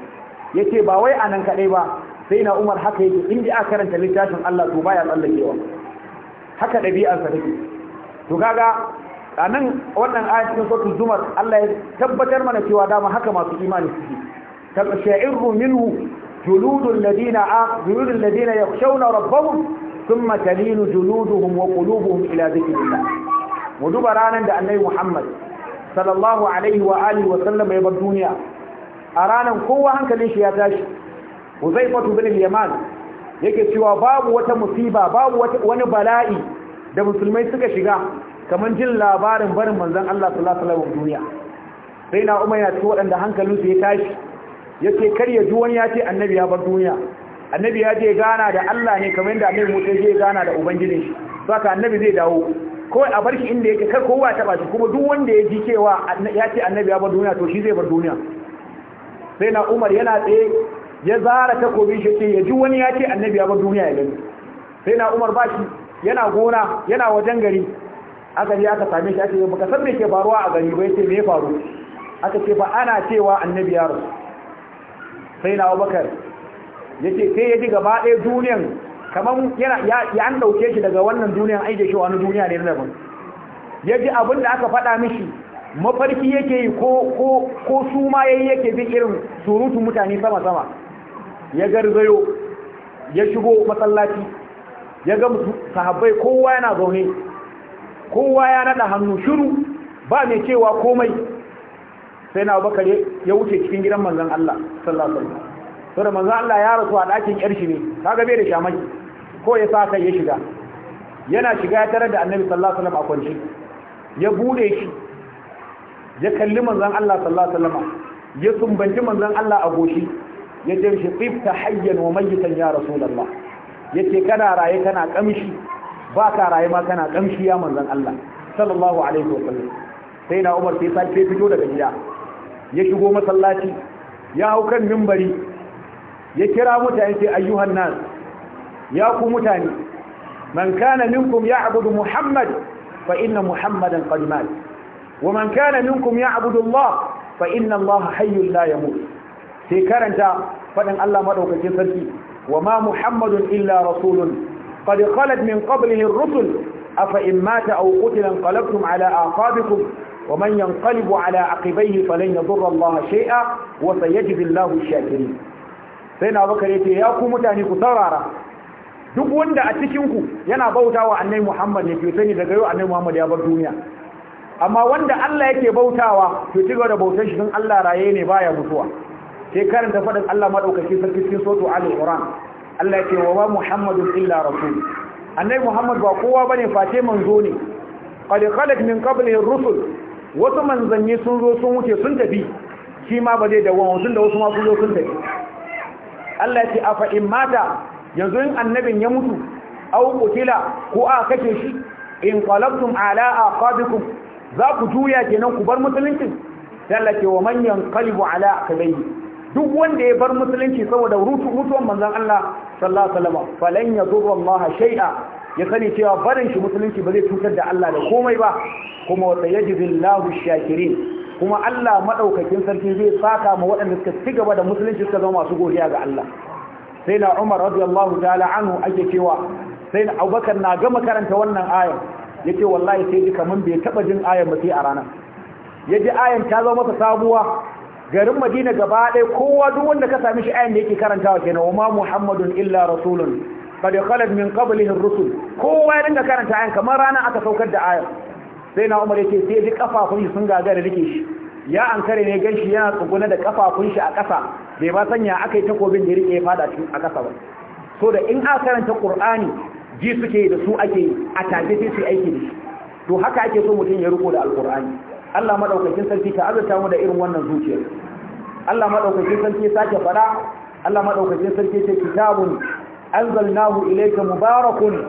S2: Ya ce ba wai a nan kadai ba sai na umar haka yake inda aka karanta littafin Allah to baya tsallakewa haka dabi'ar sa take to kaga anan wannan cikin suratul zumar Allah ya tabbatar mana cewa dama haka masu imani suke تقشعر منه جلود الذين جلود الذين يخشون ربهم ثم تلين جلودهم وقلوبهم إلى ذكر الله ودوب رانا دا النبي محمد صلى الله عليه وآله وسلم يبقى الدنيا أرانا قوة هنك ليش يا تاش وزيفة بن اليمان yake cewa babu wata musiba babu wani bala'i da musulmai suka shiga kamar jin labarin barin manzon Allah sallallahu alaihi wasallam duniya sai na umar ya ci waɗanda hankalinsu ya tashi Yake karya ji wani ya ce annabi ya bar duniya annabi ya je gana da Allah ne kamar yadda annabi Musa je gana da Ubangiji saka annabi zai dawo kawai a barki inda yake kar kowa ta bashi kuma duk wanda ya ji cewa ya ce annabi ya bar duniya to shi zai bar duniya sai na Umar yana tsaye ya zara takobi shi ce ya ji wani ya ce annabi ya bar duniya ya gani sai na Umar bashi yana gona yana wajen gari aka je aka same shi aka yi baka san me ke faruwa a gari ba yace me ya faru aka ce ba ana cewa annabi ya rasu sai na abubakar ya ce sai ya ji gaba ɗaya duniyan kamar ya an ɗauke shi daga wannan duniyan aike shi wani duniya ne daban ya ji abin da aka faɗa mishi mafarki yake yi ko su ma yayi yake bin irin surutun mutane sama-sama ya garzayo ya shigo masallaci ya ga sahabbai kowa yana zaune kowa ya naɗa hannu shiru ba mai cewa komai sai na bakar ya wuce cikin gidan manzan Allah sallallahu alaihi wasallam da manzan Allah ya rasu a ɗakin yar ne kaga bai da shamaki ko ya sa kai ya shiga yana shiga ya tarar da annabi sallallahu alaihi wasallam a kwance ya bude shi ya kalli manzan Allah sallallahu alaihi wasallam ya sumbanci manzan Allah a goshi ya ce shi tsifta hayyan wa mayyitan ya rasulullah yace kana raye kana kamshi ba ka raye ma kana kamshi ya manzan Allah sallallahu alaihi wasallam sai na Umar sai sai fito daga gida ya shigo masallaci ya hau kan mimbari ya kira mutane ce ayyuhan nas ya ku mutane man kana minkum ya'budu muhammad fa inna muhammadan qad mat wa man kana minkum ya'budu allah fa inna allah hayyul la yamut sai karanta fadin Allah madaukakin sarki wa ma muhammadun illa rasulun qad khalat min qablihi ar-rusul afa in mata aw qutila qalabtum ala aqabikum ومن ينقلب على عقبيه فلن يضر الله شيئا وسيجزي الله الشاكرين سيدنا ابو بكر yace ya ku mutane ku saurara duk wanda a cikinku yana bautawa annabi Muhammad ne to sai daga yau annabi Muhammad ya bar duniya amma wanda Allah yake bautawa to cigaba da bautar shi don Allah raye ne baya mutuwa sai karanta fadin Allah madaukaki sarki cikin sotu al-Quran Allah yake wa Muhammadun illa rasul annabi Muhammad ba kowa bane face manzo ne qad min qablihi ar-rusul wasu manzanni sun zo sun wuce sun tafi shi ma ba zai dawon sun da wasu ma sun zo sun tafi Allah ya ce a fa'in mata yanzu in annabin ya mutu au kutila ko a kake shi in qalabtum ala aqabikum za ku juya kenan ku bar musulunci sai Allah ce wa man yanqalibu ala aqabihi duk wanda ya bar musulunci saboda mutuwan manzon Allah sallallahu alaihi wasallam falan yadurru Allah shay'a ya sani cewa barin shi musulunci ba zai cutar da Allah da komai ba kuma wata yajizillahu shakirin kuma Allah madaukakin sarki zai saka waɗanda suka ci gaba da musulunci suka zama masu godiya ga Allah sai na Umar radiyallahu ta'ala anhu ake cewa sai na Abubakar na gama karanta wannan ayar yace wallahi sai ji bai taba jin ayar ba sai a ranar yaji ayar ta zama masa sabuwa garin Madina gaba ɗaya kowa duk wanda ka sami shi ayar da yake karantawa kenan wa ma Muhammadun illa rasulun qad khalad min qablihi ar-rusul kowa ya dinga karanta ayan kamar rana aka saukar da a'yan. sai na umar yace sai duk kafafun sun gagara rike shi ya ankare ne ganshi yana tsuguna da kafafun shi a ƙasa bai ba sanya akai takobin da rike ya fada cikin a ƙasa ba so da in aka karanta qur'ani ji suke da su ake a tafi sai su aiki da shi to haka ake so mutum ya riko da alqur'ani Allah madaukakin sarki ta azurta mu da irin wannan zuciya Allah madaukakin sarki sake fada Allah madaukakin sarki ce kitabun anzalnahu ilayka mubarakun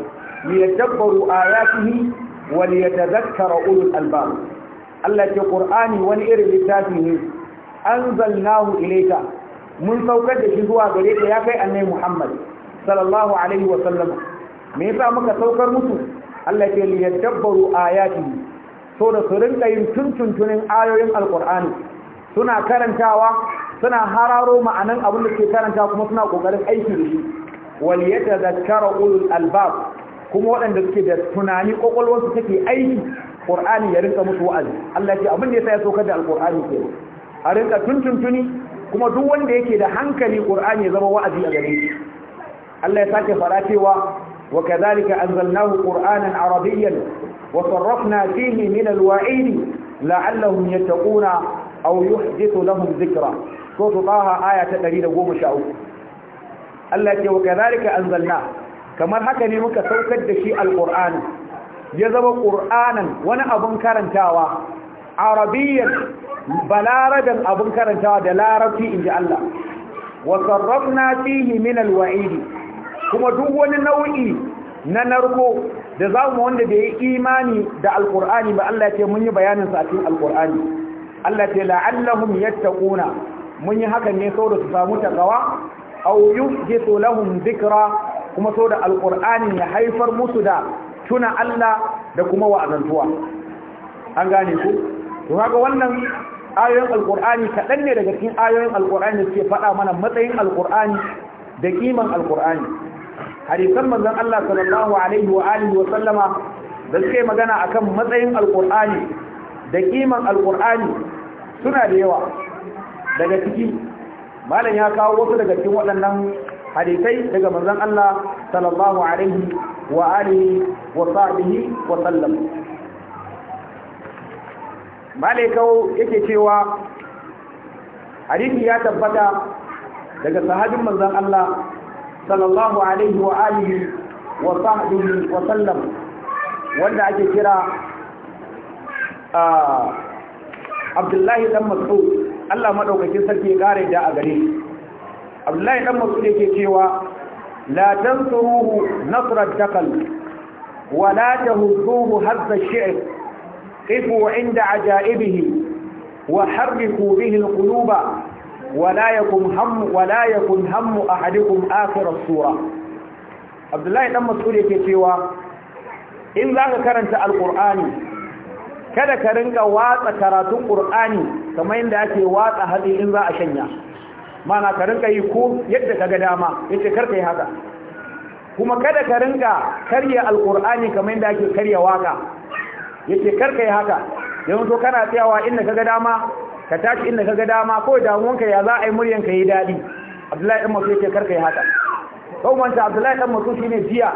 S2: liyadabbaru ayatihi wa liyatadhakkara ulul albab Allah ce Qur'ani wani irin littafi ne anzalnahu ilayka mun saukar da shi zuwa gare ka ya kai annabi Muhammad sallallahu alaihi wa sallam me yasa muka saukar musu Allah a liyadabbaru ayatihi so da su rinka yin tuntuntunin ayoyin alqur'ani suna karantawa suna hararo ma'anan abin da ke karanta kuma suna kokarin aiki da shi wal yatadhakkara ulul albab kuma waɗanda suke da tunani ƙwaƙwalwarsu take aiki qur'ani ya rinka musu wa'azi Allah ya ce abin da sa ya saukar da alqur'ani ke a rinka tuntuntuni kuma duk wanda yake da hankali ƙur'ani ya zama wa'azi a gare shi Allah ya sake fara cewa wa kadhalika anzalnahu qur'anan arabiyyan wa sarrafna fihi min alwa'id la'allahum yattaquna aw yuhdithu lahum dhikra sura taha aya ta 113 Allah ce wa kadhalika anzalna kamar haka ne muka saukar da shi alqur'ani ya zama qur'anan wani abun karantawa arabiyyan balaradan abun karantawa da larabci inji Allah wa sarrafna fihi min alwa'id kuma duk wani nau'i na narko da zamu wanda bai yi imani da alqur'ani ba Allah ce mun yi bayanin sa a cikin alqur'ani Allah ce la'allahum yattaquna mun yi hakan ne saboda su samu takawa aw yuhdithu lahum dhikra kuma so da alqur'ani ya haifar musu da tuna Allah da kuma wa'azantuwa an gane ku to kaga wannan ayoyin alqur'ani kadan ne daga cikin ayoyin alqur'ani suke faɗa mana matsayin alqur'ani da kiman alqur'ani hadisan manzon Allah sallallahu alaihi wa alihi wa sallama da suke magana akan matsayin alqur'ani da kiman alqur'ani suna da yawa daga ciki malam ya kawo wasu daga cikin waɗannan hadisai daga manzon Allah sallallahu alaihi wa alihi wa sahbihi wa sallam yake cewa hadisi ya tabbata daga sahabin manzon Allah sallallahu alaihi wa alihi wa sahbihi wa sallam wanda ake kira ah, Abdullahi dan Mas'ud Allah madaukakin sarki ya kare da a gare Abdullahi ɗan masu yake cewa la tansuruhu nasra dakal wa la tahzuhu hazza shi'r qifu 'inda ajaibihi wa harriku bihi alquluba wa la yakum ham wa la yakun ham ahadikum akhir sura Abdullahi ɗan Mas'ud yake cewa in zaka karanta alqur'ani kada ka ringa watsa karatun qur'ani kamar yadda ake watsa hatsi in za a shanya mana ka ringa yi ko yadda ka ga dama yace karka yi haka kuma kada ka ringa karya alqur'ani kamar yadda ake karya waka yace karka yi haka yanzu to kana tsayawa inda ka ga dama ka tashi inda ka ga dama ko damuwanka ya za a yi muryan ka yi dadi abdullahi dan masu yace karka yi haka kawanta abdullahi dan masu shine jiya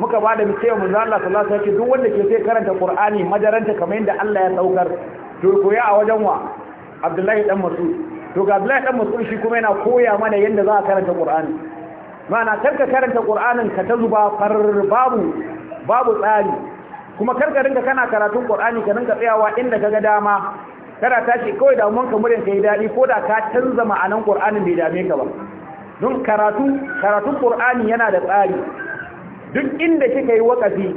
S2: muka ba da misali manzo Allah sallallahu alaihi duk wanda ke sai karanta Qur'ani madaranta kamar yadda Allah ya saukar to koya a wajen wa Abdullahi dan Mas'ud to ga Abdullahi dan Mas'ud shi kuma yana koya mana yadda za a karanta Qur'ani mana karka karanta Qur'anin ka ta zuba far babu babu tsari kuma karka rinka kana karatun Qur'ani ka rinka tsayawa inda kaga dama kana tashi kawai da mun kamurin kai dadi ko da ka canza ma'anan Qur'anin bai dame ka ba don karatu karatun Qur'ani yana da tsari duk inda kika yi wakafi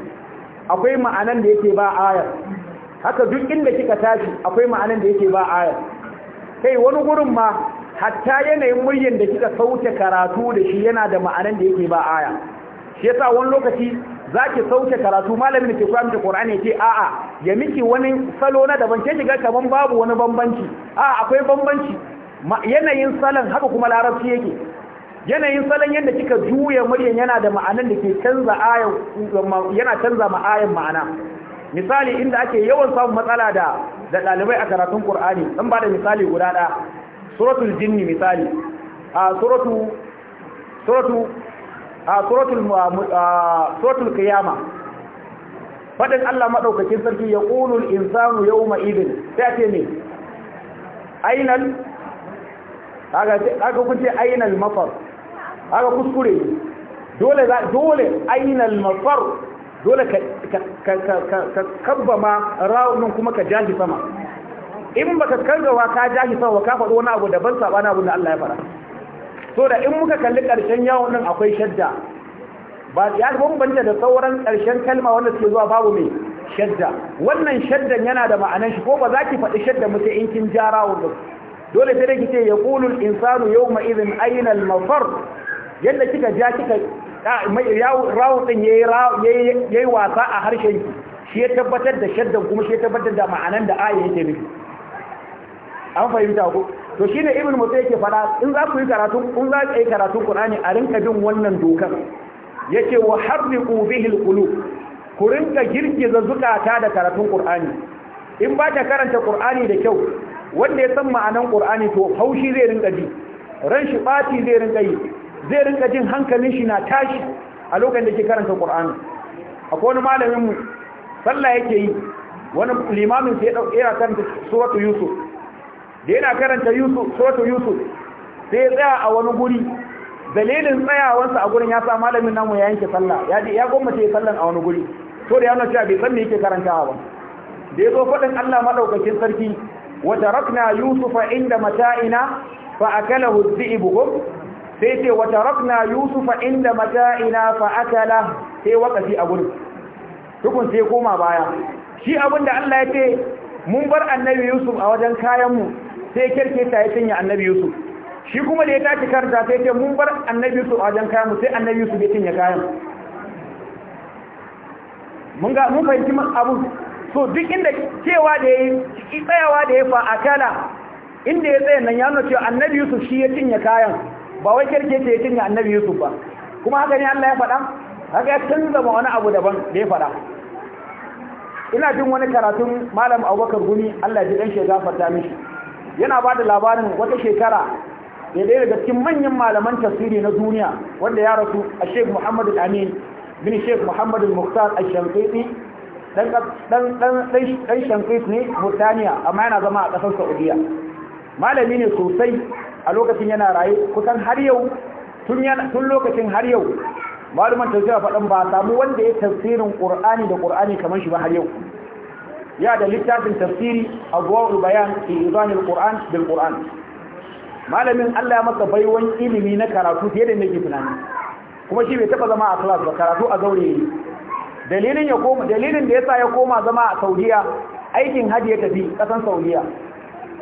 S2: akwai ma'anan da yake ba ayar haka duk inda kika tashi akwai ma'anan da yake ba ayar kai wani gurin ma hatta yanayin muryin da kika sauke karatu da shi yana da ma'anan da yake ba aya shi yasa wani lokaci zaki sauke karatu malamin da ke kwa miki Qur'ani yace a'a ya miki wani salo na daban ke kiga kaman babu wani bambanci a'a akwai bambanci yanayin salon haka kuma larabci yake yanayin salon yadda kika juya muryan yana da ma'anan da ke canza ayan yana canza ma'ayan ma'ana misali inda ake yawan samun matsala da da dalibai a karatun Qur'ani dan ba da misali guda da suratul jinn misali a suratu suratu a suratul suratul qiyama fadin Allah madaukakin sarki ya al insanu yawma idin sai ake ne ainal kaga kaga kun ce ainal mafar haka kuskure dole za dole ainal masar dole ka kabbama kabba ma raunin kuma ka jahi sama in baka kargawa ka jahi sama ka faɗo wani abu daban sabana abu da Allah ya fara so da in muka kalli ƙarshen yawon nan akwai shadda ba ya bambanta da sauran ƙarshen kalma wanda suke zuwa babu mai shadda wannan shaddan yana da ma'anar shi ko ba za ki faɗi shadda muke in kin jara wa dole sai da kike ya qulul insanu yawma idhin ayna al-mafar yadda kika ja kika rawun ɗin ya yi wasa a harshen shi ya tabbatar da shaddan kuma shi ya tabbatar da ma'anan da aya yake nufi an fahimta ku to shi ne ibn musa yake fara in za ku yi karatu in za ku yi karatu qur'ani a rinka bin wannan dokar yace wa harriqu bihi alqulub ku rinka girgiza zukata da karatun qur'ani in ba ta karanta qur'ani da kyau wanda ya san ma'anan qur'ani to haushi zai rinka ji ran shi bati zai rinka yi zai rinka jin hankalin shi na tashi a lokacin da ke karanta Qur'ani akwai wani malamin mu sallah yake yi wani limamin sai yana karanta suratul Yusuf da yana karanta Yusuf suratul Yusuf sai tsaya a wani guri dalilin tsayawansa a gurin ya sa malamin namu ya yanke sallah ya ji ya gomma sai sallan a wani guri to da yana cewa bai san me yake karantawa ba da yazo fadin Allah madaukakin sarki wa tarakna yusufa inda mata'ina fa akalahu dhi'buhum sai ce wata rafna yusufa inda mata'ina fa akala sai wakati a gurin tukun sai koma baya shi abinda Allah ya ce mun bar annabi yusuf a wajen kayanmu sai kirke ta ya cinye annabi yusuf shi kuma da ya tashi karta sai ce mun bar annabi yusuf a wajen kayanmu sai annabi yusuf ya cinye kayan mun ga mun fahimci abu so duk inda cewa da ya yi tsayawa da ya fa inda ya tsaya nan ya nuna cewa annabi yusuf shi ya cinye kayan ba wai kirki ce ya ga annabi yusuf ba kuma haka ne Allah ya faɗa haka ya canza ma wani abu daban da ya faɗa ina jin wani karatun malam abubakar gumi Allah ji dan shi gafarta mishi yana ba da labarin wata shekara da ɗaya daga cikin manyan malaman tafsiri na duniya wanda ya rasu a sheikh muhammadu amin bin sheikh muhammadu muktar a shankaiti ɗan shankait ne murtaniya amma yana zama a ƙasar saudiya malami ne sosai a lokacin yana raye kusan har yau tun lokacin har yau maluman tafsira faɗin ba samu wanda ya tafsirin ƙur'ani da ƙur'ani kamar shi ba har yau ya da littafin tafsiri a zuwa bayan fi izanin ƙur'an bil ƙur'an malamin allah ya masa baiwan ilimi na karatu fiye da nake tunani kuma shi bai taɓa zama a class ba karatu a zaure ne dalilin da ya sa ya koma zama a saudiya aikin hajji ya tafi ƙasan saudiya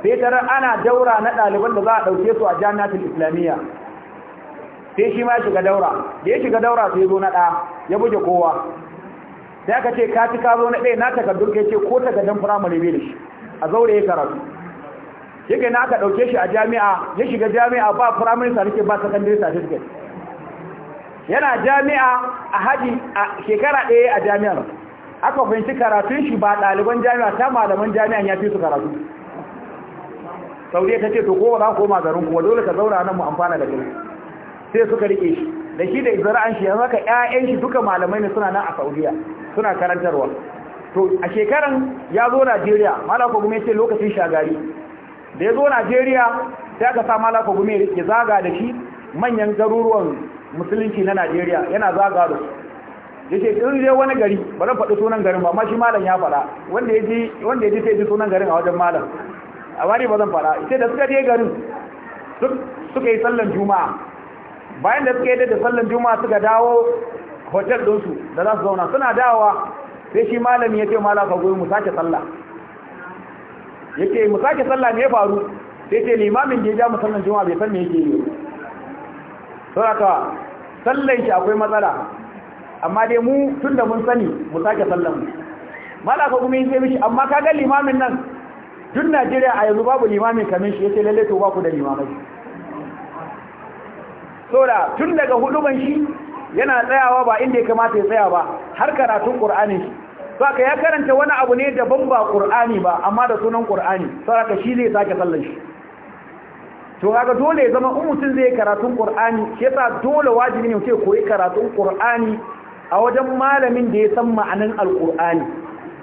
S2: sai tarar ana daura na ɗaliban da za a ɗauke su a jami'atul islamiyya sai shi ma shiga daura da ya shiga daura sai zo na ɗa ya buge kowa sai aka ce ka ci ka zo na ɗaya na takardun ka ce ko takardun firamare bai da shi a zaure ya karatu shi na aka ɗauke shi a jami'a ya shiga jami'a ba firamare sa nake ba sakandare certificate yana jami'a a haji a shekara ɗaya a jami'ar aka fahimci karatun shi ba ɗaliban jami'a ta malaman jami'an ya fi su karatu saudiya ta ce to kowa za ku koma garin kuwa dole ka zaura nan mu amfana da gari sai suka rike shi da shi da izra'an shi yanzu haka ƴaƴan shi duka malamai ne suna nan a saudiya suna karantarwa to a shekaran ya zo najeriya malako gume ce lokacin shagari da ya zo najeriya sai aka sa malako gume ya zaga da shi manyan garuruwan musulunci na najeriya yana zaga da su ya ce in zai wani gari ba zan faɗi sunan garin ba amma shi malam ya faɗa wanda ya ji sai ji sunan garin a wajen malam a ne ba zan fara sai da suka je garin suka yi sallan juma'a bayan da suka yi da sallan juma'a suka dawo hotel ɗinsu da za su zauna suna dawowa sai shi malami ya ce mala ka goyi mu sake sallah ya ce mu sake sallah ne faru sai ce limamin da ya ja mu sallan juma'a bai san me yake yi sauraka sallan shi akwai matsala amma dai mu tun da mun sani mu sake sallan mu mala ka gumi sai mishi amma ka ga limamin nan duk najeriya a yanzu babu limamin kamin shi ya ce lalle to ba ku da limamai saboda tun daga ban shi yana tsayawa ba inda ya kamata ya tsaya ba har karatun ƙur'anin shi ka ya karanta wani abu ne daban ba ƙur'ani ba amma da sunan ƙur'ani aka shi zai sake sallan shi to kaga dole ya zama in mutum zai karatun ƙur'ani shi yasa dole wajibi ne mutum ya koyi karatun ƙur'ani a wajen malamin da ya san ma'anan alƙur'ani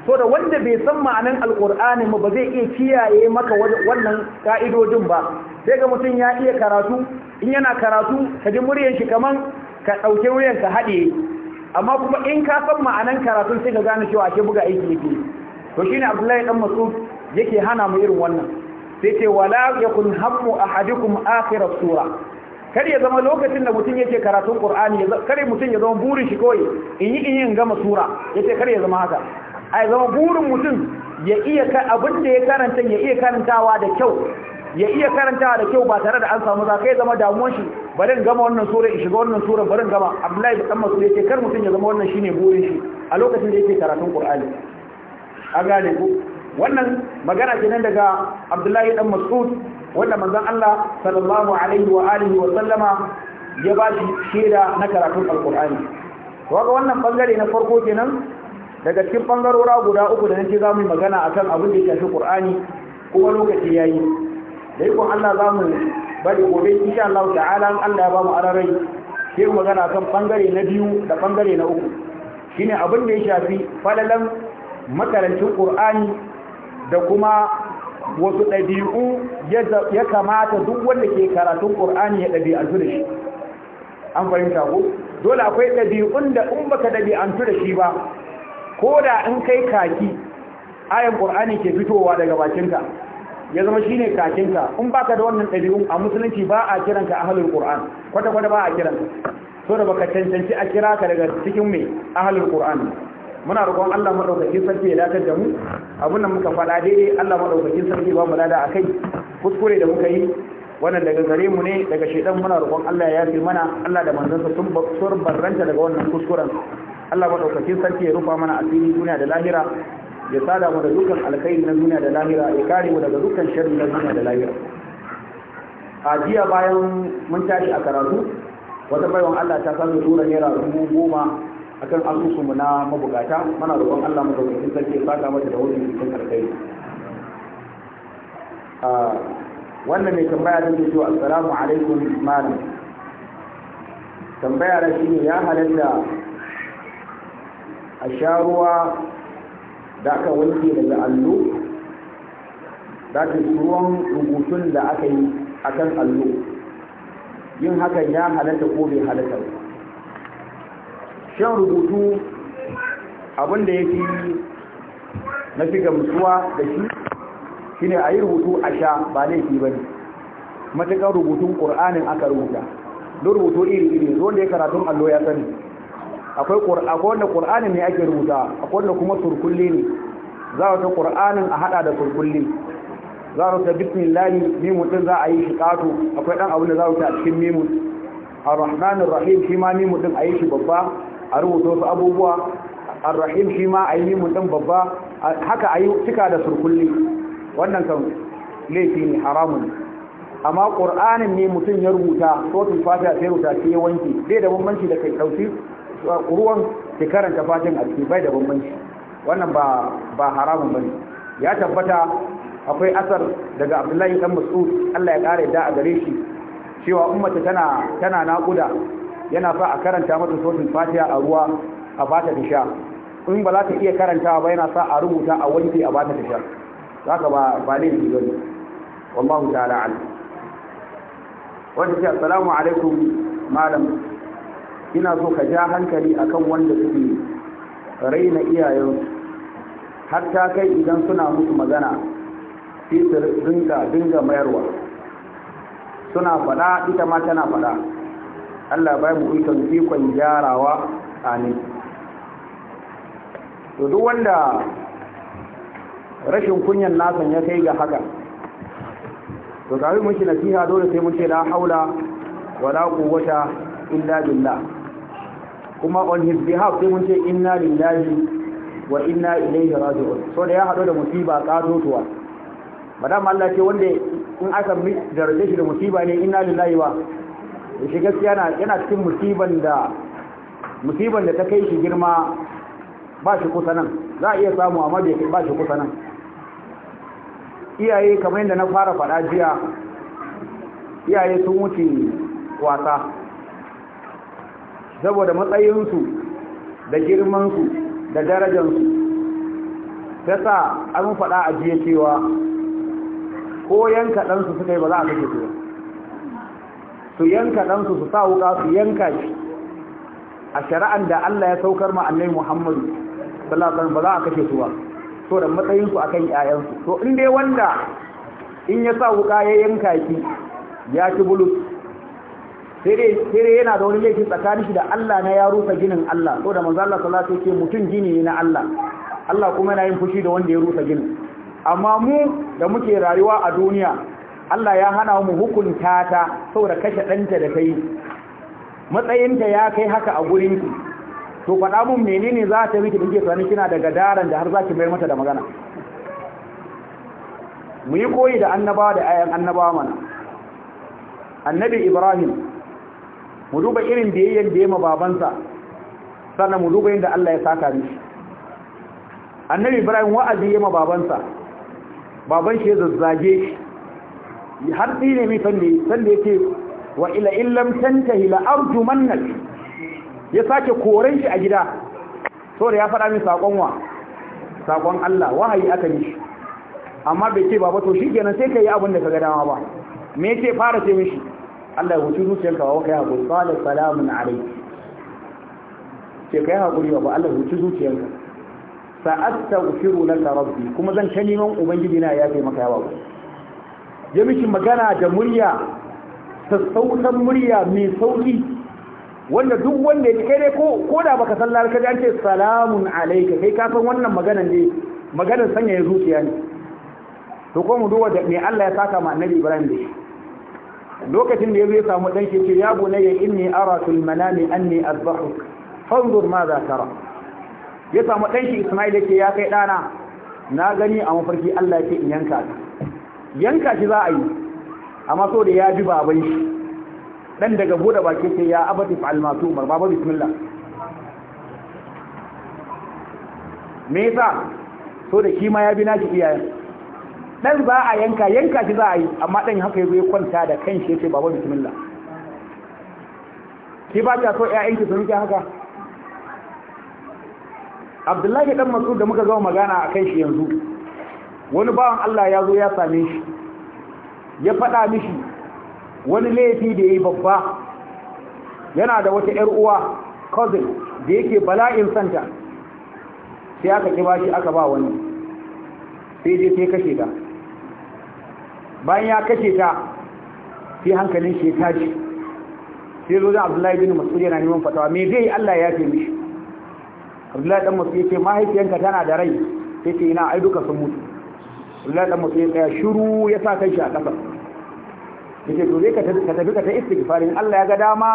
S2: so da wanda bai san ma'anan alkur'ani mu ba zai iya kiyaye maka wannan ka'idodin ba sai ga mutum ya iya karatu in yana karatu ka ji muryar shi kaman ka dauke muryar ka hade amma kuma in ka san ma'anan karatun sai ka gane cewa ake buga aiki yake to shine Abdullahi dan Mas'ud yake hana mu irin wannan sai ce wala yakun hammu ahadukum akhir sura kar ya zama lokacin da mutum yake karatun Qur'ani kare mutum ya zama burin shi kawai in yi in gama sura yace kar ya zama haka a zama burin mutum ya iya abin da ya karanta ya iya karantawa da kyau ya iya karantawa da kyau ba tare da an samu za kai zama damuwar shi bari in gama wannan sura in shiga wannan sura bari in gama Abdullahi bin Abbas ya ce kar mutum ya zama wannan shine burin shi a lokacin da yake karatun Qur'ani a gane ku wannan magana nan daga Abdullahi dan Mas'ud wanda manzon Allah sallallahu alaihi wa alihi wa sallama ya ba shi shaida na karatun Al-Qur'ani to ga wannan bangare na farko kenan daga cikin bangarora guda uku da nake za mu yi magana akan abin da ya shafi qur'ani kuma lokaci yayi da ikon Allah za mu bari gobe insha Allah ta'ala Allah ya ba mu ararai ke magana akan bangare na biyu da bangare na uku shine abin da ya shafi falalan makarantun qur'ani da kuma wasu ɗabi'u ya kamata duk wanda ke karatun qur'ani ya ɗabi'antu da shi an fahimta ko dole akwai ɗabi'un da in baka ɗabi'antu da shi ba ko da in kai kaki ayan ƙur'ani ke fitowa daga bakinka ya zama shine kakinka in baka da wannan ɗabi'un, a musulunci ba a kiranka ahlul qur'an kwata kwata ba a kiranka so da baka cancanci a kira ka daga cikin mai ahlul qur'an muna roƙon Allah madaukakin sarki ya dace da mu abin da muka faɗa daidai Allah madaukakin sarki ba mu lada akai kuskure da muka yi wannan daga gare mu ne daga shedan muna roƙon Allah ya yafi mana Allah da manzon sa sun barranta daga wannan kuskuren Allah madaukakin sarki ya rufa mana asiri duniya da lahira ya sada mu da dukkan alkhairi na duniya da lahira ya kare mu daga dukkan sharri na duniya da lahira a jiya bayan mun tashi a karatu wata baiwan Allah ta sami tura naira dubu goma akan mu na mabukata mana roƙon Allah madaukakin sarki ya saka mata da wajen cikin alkhairi wannan mai tambaya da cewa assalamu alaikum malam tambaya da ne ya halatta a sha ruwa da aka wanke daga allo za ta ruwan rubutun da aka yi a kan allo yin hakan ya halatta ko bai halatta ba shan rubutu abinda ya fi na fi gamsuwa da shi shine a yi rubutu a sha ba laifi ba ne matakan rubutun ƙur'anin aka rubuta don rubutu iri-iri da ya karatun allo ya sani akwai wanda ƙur'anin ne ake rubuta akwai wanda kuma turkulli ne za a wata ƙur'anin a haɗa da turkulli za a wata bismillahi mimu ɗin za a yi shi ƙato akwai ɗan abin da za a wata a cikin mimu a rahmanin rahim shi ma mimu ɗin a yi shi babba a rubuta wasu abubuwa a rahim shi ma a yi mimu ɗin babba haka a yi cika da turkulli wannan kan laifi ne haramun amma ƙur'anin ne mutum ya rubuta sautin fata sai rubuta sai ya wanke bai da bambanci da kai ɗauki ruwan ke karanta fatin a bai da bambanci wannan ba ba haramun bane ya tabbata akwai asar daga Abdullahi dan Mas'ud Allah ya kare da a gare shi cewa ummata tana tana naƙuda yana fa a karanta mata sotin fatiha a ruwa a bata ta sha in ba za ta iya karanta ba yana sa a rubuta a wanke a bata ta sha haka ba ba ne ji gani wallahu ta'ala alim wa ce assalamu alaikum malam ina so ka ja hankali akan wanda suke raina iyayensu hatta kai idan suna musu magana sai su dinga dinga mayarwa suna faɗa ita ma tana faɗa Allah bai mu ikon ikon gyarawa amin to duk wanda rashin kunyan nasan ya kai ga haka to kafin mun shi nasiha dole sai mun ce la haula wala quwwata illa billah kuma on his behalf sai mun ce inna lillahi wa inna ilaihi raji'un so da ya hado da musiba katotuwa madam Allah ce wanda in aka daraje shi da musiba ne inna lillahi wa shi gaskiya yana yana cikin musiban da musiban da ta kai shi girma ba shi kusa nan za a iya samu amma bai ba shi kusa nan iyaye kamar yadda na fara faɗa jiya iyaye sun wuce wasa saboda matsayinsu da girmansu da darajansu ta sa an faɗa a jiye cewa ko yanka ɗansu suka yi ba za a kashe su su yanka ɗansu su sa wuƙa su yanka shi a shari'an da Allah ya saukar ma'annai Muhammadu salatan ba za a kashe su ba so da matsayinsu akan ƴaƴansu to in dai wanda in ya sa wuƙa ya yanka shi ya ci bulus sai dai yana da wani laifin tsakanin shi da Allah na ya rusa ginin Allah ko da manzo Allah sallallahu alaihi wasallam mutum gini ne na Allah Allah kuma yana yin fushi da wanda ya rusa ginin amma mu da muke rayuwa a duniya Allah ya hana mu hukunta ta saboda kashe danta da kai matsayinta ya kai haka a gurin ki to faɗa mun menene za ta miki dinke tsani kina daga daren da har za ki bai mata da magana mu yi koyi da annabawa da ayan annabawa mana annabi Ibrahim mu duba irin biyayyen da ya ma babansa sannan mu duba yadda Allah ya saka mishi annabi Ibrahim wa'azi ya ma babansa baban shi ya zazzage shi har ne mai sanne sanne yake wa ila illam tantahi la mannak ya sake koren shi a gida so da ya faɗa min sakon wa sakon Allah wahayi aka mishi amma bai ce baba to shikenan sai kai abin da ka ga dama ba me yake fara ce mishi Allah ya huci zuciyarka wa kai haƙuri qala salamun alayk ce kai haƙuri wa Allah huci zuciyarka fa astaghfiru laka rabbi kuma zan ta neman ubangiji na ya kai maka yawa ya miki magana da murya sassaunan murya mai sauki wanda duk wanda ya kai ko ko da baka san larka an ce salamun alayka kai ka san wannan magana ne maganar sanya zuciya ne to ko mu duwa da me Allah ya saka ma annabi Ibrahim da shi lokacin da yazo ya samu dan shi ce ya bunayya inni ara fil manami anni azbahuk fanzur ma za tara ya samu dan shi Isma'il yake ya kai dana na gani a mafarki Allah yake in yanka yanka shi za a yi amma so da ya bi baban shi dan daga bude baki sai ya abati fa'al ma tumar baba bismillah me yasa so da shi ma ya bi naki iyayen dan za a yanka yanka shi za a yi amma dan haka yazo ya kwanta da kanshi yace baba bismillah ki ba ta so ƴaƴanki sun rike haka Abdullahi dan Mas'ud da muka zama magana akan shi yanzu wani bawan Allah ya zo ya same shi ya faɗa mishi wani laifi da yayi babba yana da wata ƴar uwa cousin da yake bala'in santa sai aka kiba shi aka ba wani sai je sai kashe ta bayan ya kashe ta sai hankalin shi ya ji sai zo da abdullahi bin mas'ud yana neman fatawa me zai Allah ya yafe mishi abdullahi dan mas'ud yace mahaifiyanka tana da rai yace ina ai duka sun mutu abdullahi dan mas'ud ya shiru ya sa kai shi a kafa yace to zai ka tafi ka ta istighfarin Allah ya ga dama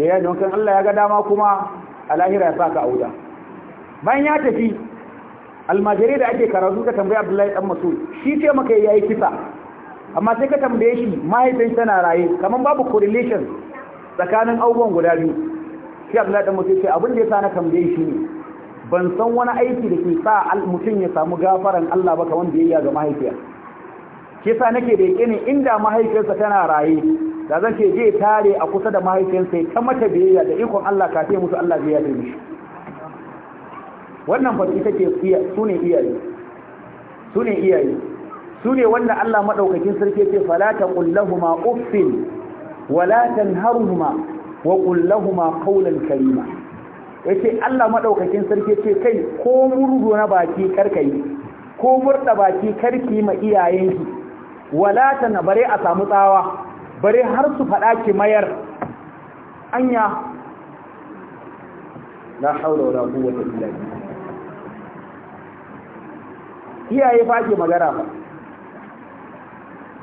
S2: ya yi don kan Allah ya ga dama kuma Alahira ya sa ka auda bayan ya tafi almajiri da ake karatu ka tambayi abdullahi dan mas'ud shi ce maka yayi kisa amma sai ka tambaye shi mahaifin tana raye kamar babu correlation tsakanin abubuwan guda biyu shi abdullahi dan mutum sai abin da yasa na tambaye shi ne ban san wani aiki da ke sa mutum ya samu gafaran Allah ba kamar biyayya ga mahaifiya shi yasa nake da yake ne inda mahaifiyarsa tana raye da zan ce je tare a kusa da mahaifiyarsa ta mata biyayya da ikon Allah ka mutu Allah zai yafe mishi wannan fa ita ce su ne iyaye su ne iyaye su ne wanda Allah maɗaukakin sarki ce falata ƙullahuma uffin walatan haruma wa ƙullahuma ƙaunar kalima ya ce Allah maɗaukakin sarki ce kai ko murdo na baki karkayi ko murda baki karki ma iyayenki walatan bare a samu tsawa bare har su faɗa ki mayar anya la haula wala quwwata illa iyaye fa ke magana ba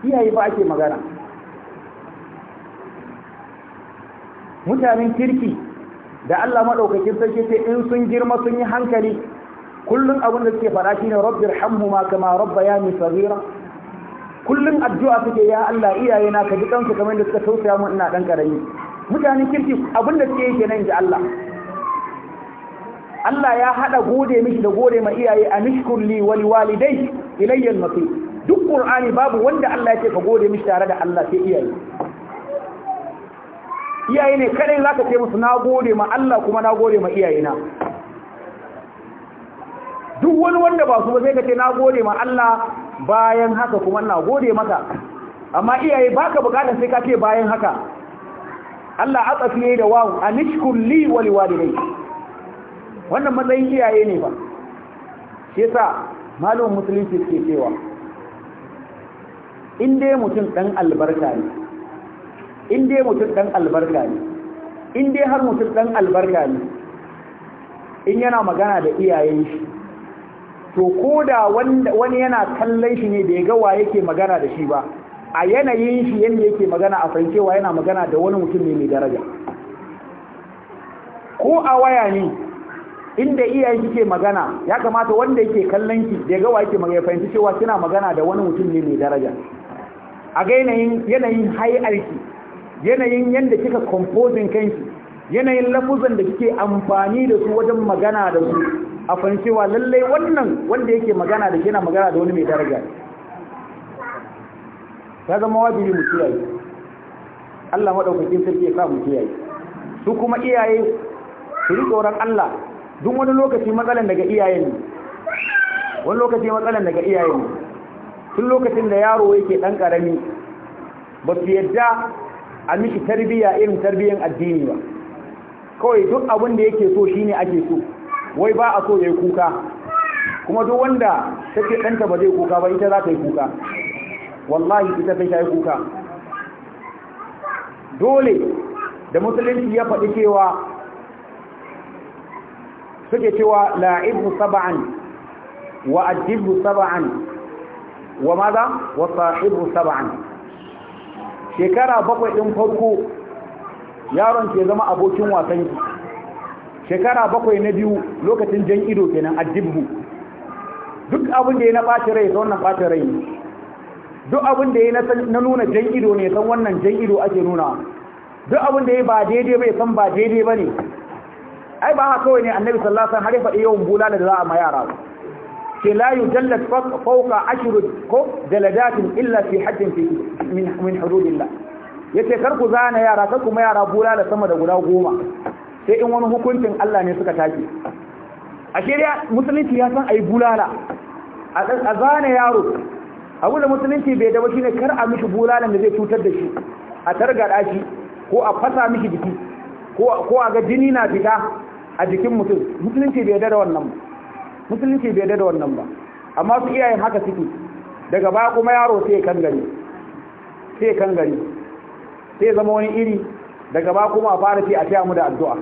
S2: iyaye ba ake magana mutanen kirki da Allah maɗaukakin sarki sai in sun girma sun yi hankali kullum abin da suke faɗa shine rabbir ma kama rabbayani saghira kullum addu'a suke ya Allah iyaye na ka ji kansu kamar da suka tausaya mun ina dan ƙarami. mutanen kirki abin da suke yake nan ji Allah Allah ya hada gode miki da gode ma iyaye anishkur li wal walidai ilayya al duk qur'ani babu wanda Allah ya ce ka gode mishi tare da Allah sai iyaye iyaye ne kadai zaka ce musu na gode ma Allah kuma na gode ma iyayena duk wani wanda ba su ba sai ka ce na gode ma Allah bayan haka kuma na gode maka amma iyaye baka bukata sai ka ce bayan haka Allah atsafi ne da wawu anishkur li wa walidai. wannan matsayin iyaye ne ba shi yasa malamin musulunci ke cewa in dai mutum ɗan albarka ne in dai mutum ɗan albarka ne in dai har mutum ɗan albarka ne in yana magana da iyayen shi to ko da wani yana kallon shi ne bai ga wa yake magana da shi ba a yanayin shi yadda yake magana a fahimcewa yana magana da wani mutum ne mai daraja ko a waya ne inda iyayen kike magana ya kamata wanda yake kallon ki bai ga wa yake magana fahimci cewa kina magana da wani mutum ne mai daraja a ga yanayin yanayin hayarki yanayin yadda kika composing kanki yanayin lafuzan da kike amfani da su wajen magana da su a fancewa lallai wannan wanda yake magana da yana magana da wani mai daraja ta zama wajibi mu kiyaye Allah madaukakin sarki ya sa mu kiyaye su kuma iyaye su yi tsoron Allah duk wani lokaci matsalan daga iyayen wani lokaci matsalan daga iyayen tun lokacin da yaro yake ɗan ƙarami ba su yadda a miki tarbiyya irin tarbiyyar addini ba kawai duk abin da yake so shine ake so wai ba a so ya yi kuka kuma duk wanda take ɗanta ba zai kuka ba ita za ta yi kuka wallahi ita sai ta yi kuka
S3: dole da musulunci ya faɗi
S2: cewa suke cewa la'ibu saba'an wa saba'an wa maza wa sahibu sab'an shekara bakwai din farko yaron ke zama abokin wasan ki shekara bakwai na biyu lokacin jan ido kenan addibbu duk abin da ya na ɓaci rai ta wannan ɓaci rai ne duk abin da ya na nuna jan ido ne san wannan jan ido ake nuna duk abin da ya ba daidai bai san ba daidai ba ne ai ba haka kawai ne annabi sallallahu alaihi wasallam har ya faɗi yawan bulala da za a ma yara ke la yujallat Ashiru ko jaladatin illa fi haddin fi min hududillah yace karku ku zana yara karku kuma yara gura da sama da guda goma sai in wani hukuncin Allah ne suka tafi a shirya musulunci ya san ayi bulala a zana yaro abu da musulunci bai daba ne kar a mishi bulalan da zai cutar da shi a targada shi ko a fasa mishi jiki ko a ga jini na fita a jikin mutum musulunci bai da wannan musulunci bai dada wannan ba amma su iyayen haka suke daga baya kuma yaro sai kan gari sai kan gari sai zama wani iri daga baya kuma a fara ce a taya mu da addu'a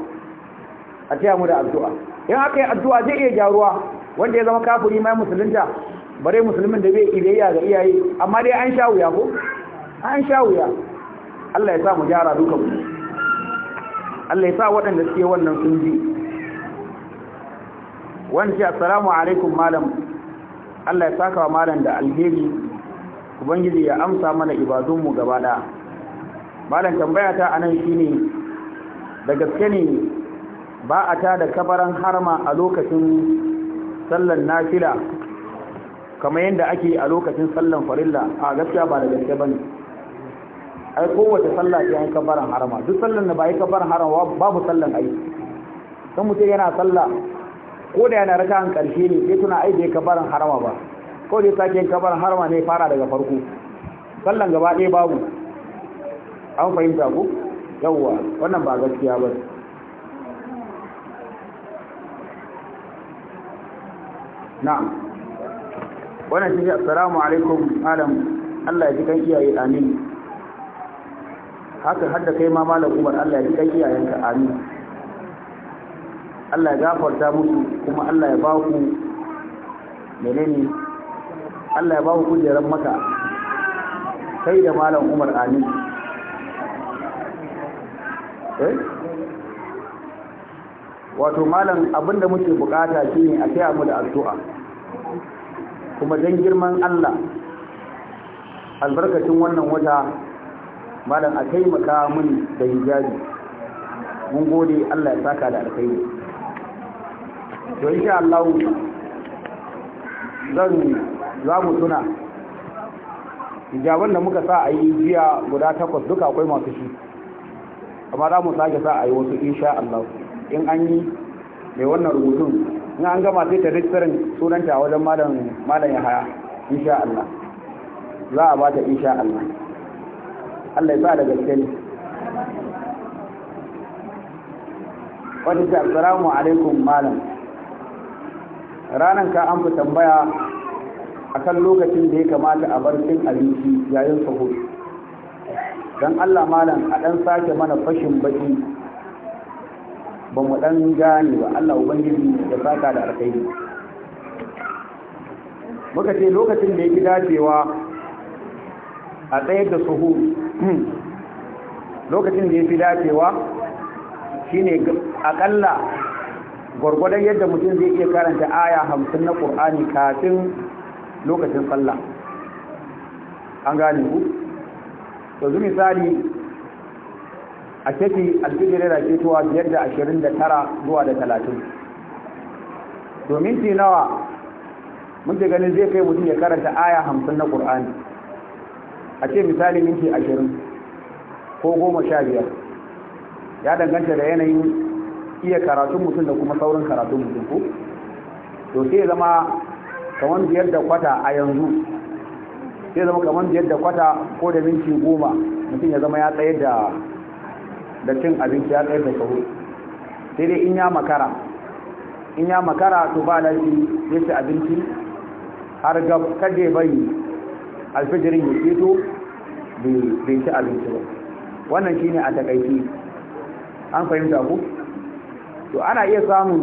S2: a taya mu da addu'a in aka yi addu'a zai iya gyaruwa wanda ya zama kafiri mai musulunta bare musulmin da bai kiyayya ga iyaye amma dai an sha wuya ko an sha wuya Allah ya sa mu gyara mu Allah ya sa waɗanda suke wannan sun ji wani ce assalamu alaikum malam Allah ya saka wa malam da alheri ubangiji ya amsa mana ibadunmu gaba da malam tambaya ta anan shine da gaske ne ba a ta da kabaran harma a lokacin sallan nafila kamar yadda ake a lokacin sallan farilla a gaskiya ba da gaske bane ai kowace sallah ce ai kabaran harma. duk sallan da ba yi kabaran harma babu sallan ai dan mutum yana sallah ko da yana raka an karshe ne sai tuna aibe bai kabarin harama ba ko da sake yin kabarin harama ne fara daga farko sallan gaba ɗaya babu an fahimta ku yawwa wannan ba gaskiya ba na'am wannan shi assalamu alaikum alam Allah ya ji kan iyaye amin haka hadda kai ma malam Umar Allah ya ji kan iyayenka amin Allah ya gafarta musu kuma Allah ya ba ku menene Allah ya ba ku kujeran maka kai da malam Umar Amin eh wato malam abinda muke bukata shine a taya mu da addu'a kuma dan girman Allah albarkacin wannan wata malam a taimaka mun da hijabi mun gode Allah ya saka da alkhairi to insha Allah zan za mu tuna hijaban da muka sa a yi jiya guda takwas duka akwai masu shi amma za mu sake sa a yi wasu insha Allah in an yi mai wannan rubutun in an gama sai ta rikistarin sunanta a wajen malam ya haya insha Allah za a bata insha Allah Allah ya sa da gaske ne wata ce assalamu alaikum malam ranan ka an fi tambaya akan lokacin da ya kamata a bar cin abinci yayin sahur don Allah malam a ɗan sake mana fashin baki ba mu ɗan gane ba Allah ubangiji da saka da alkhairi muka ce lokacin da ya fi dacewa a tsayar da suhu lokacin da ya fi dacewa shine akalla gwargwadon yadda mutum zai iya karanta aya hamsin na ƙur'ani kafin lokacin sallah an gane ku yanzu misali a kefi alfijirai da ke tuwa biyar da ashirin da tara zuwa da talatin domin ti nawa muke ganin zai kai mutum ya karanta aya hamsin na ƙur'ani a ce misali minti ashirin ko goma sha biyar ya danganta da yanayin iya karatun mutum da kuma saurin karatun mutum ko to sai zama kamar biyar da kwata a yanzu sai zama kamar biyar da kwata ko da minti goma mutum ya zama ya tsayar da da cin abinci ya tsayar da shahu sai dai in ya makara in ya makara to ba lafi ya ci abinci har ga kaje bari alfijirin ya fito bai ci abinci ba wannan shine a takaici an fahimta ku to ana iya samun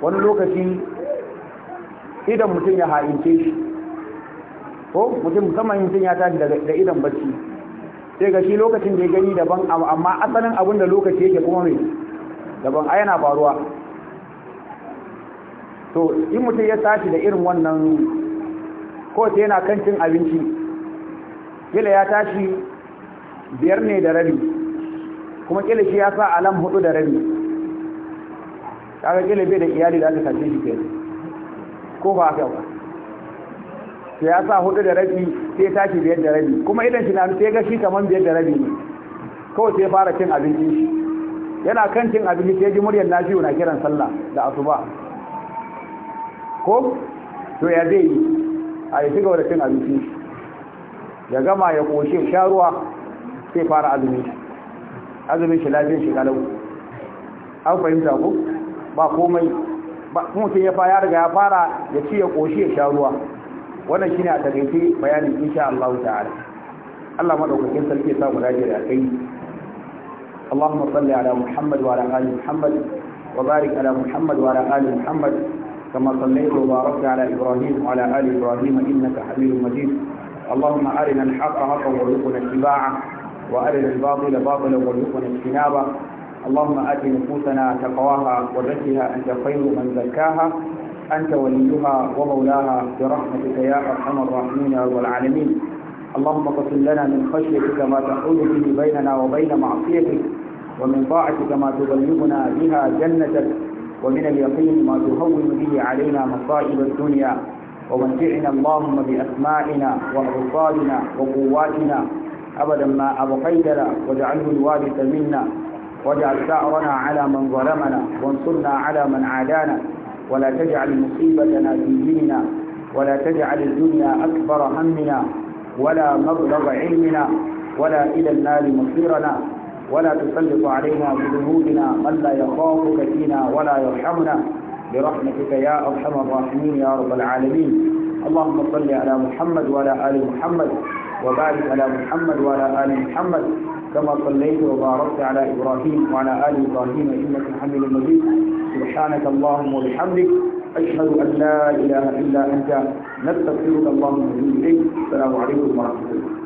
S2: wani lokaci idan mutum ya ha'ince shi ko mutum musamman mutum ya tashi da idan bacci sai ga shi lokacin da ya gani daban amma asalin abin da lokaci yake kuma mai daban a yana faruwa to in mutum ya tashi da irin wannan ko sai yana kan cin abinci kila ya tashi biyar ne da rabi kuma kila shi ya sa alam hudu da rabi kaga kila bai da iyali da aka sace shi kai ko ba haka ba sai ya sa hudu da rabi sai ya tashi biyar da rabi kuma idan shi na sai ga shi kaman biyar da rabi ne kawai sai ya fara cin abinci yana kan cin abinci sai ji muryar nafiyu na kiran sallah da asuba ko to ya zai yi a yi shiga da cin abinci ya gama ya koshe sharuwa sai fara azumin shi azumin shi lafiyar shi kalau an fahimta ku ba komai mutum ya riga ya fara ya ci ya koshi ya sha ruwa wannan shine a takaice bayanin insha Allah ta'ala Allah madaukakin sarki ya sa mu dace da kai Allahumma salli ala Muhammad wa ala ali Muhammad wa barik ala Muhammad wa ala ali Muhammad كما صليت وباركت على إبراهيم وعلى آل إبراهيم إنك حميد مجيد wa أرنا الحق حقا وارزقنا اتباعه وأرنا الباطل باطلا وارزقنا اجتنابه اللهم آت نفوسنا تقواها وزكها أنت خير من زكاها أنت وليها ومولاها برحمتك يا أرحم الراحمين يا رب العالمين اللهم اغفر لنا من خشيتك ما تحول به بيننا وبين معصيتك ومن طاعتك ما تبلغنا بها جنتك ومن اليقين ما تهون به علينا مصائب الدنيا ومتعنا اللهم بأسمائنا وأبصارنا وقواتنا أبدا ما أبقيتنا واجعله الوارث منا واجعل ثأرنا على من ظلمنا وانصرنا على من عادانا ولا تجعل مصيبتنا في ديننا ولا تجعل الدنيا أكبر همنا ولا مبلغ علمنا ولا إلى النار مصيرنا ولا تسلط علينا بذنوبنا من لا يخافك فينا ولا يرحمنا برحمتك يا أرحم الراحمين يا رب العالمين اللهم صل على محمد وعلى آل محمد وبارك على محمد وعلى آل محمد كما صليت وباركت على إبراهيم وعلى آل إبراهيم إنك حميد مجيد سبحانك اللهم وبحمدك أشهد أن لا إله إلا أنت نستغفرك اللهم وبحمدك السلام عليكم ورحمة
S3: الله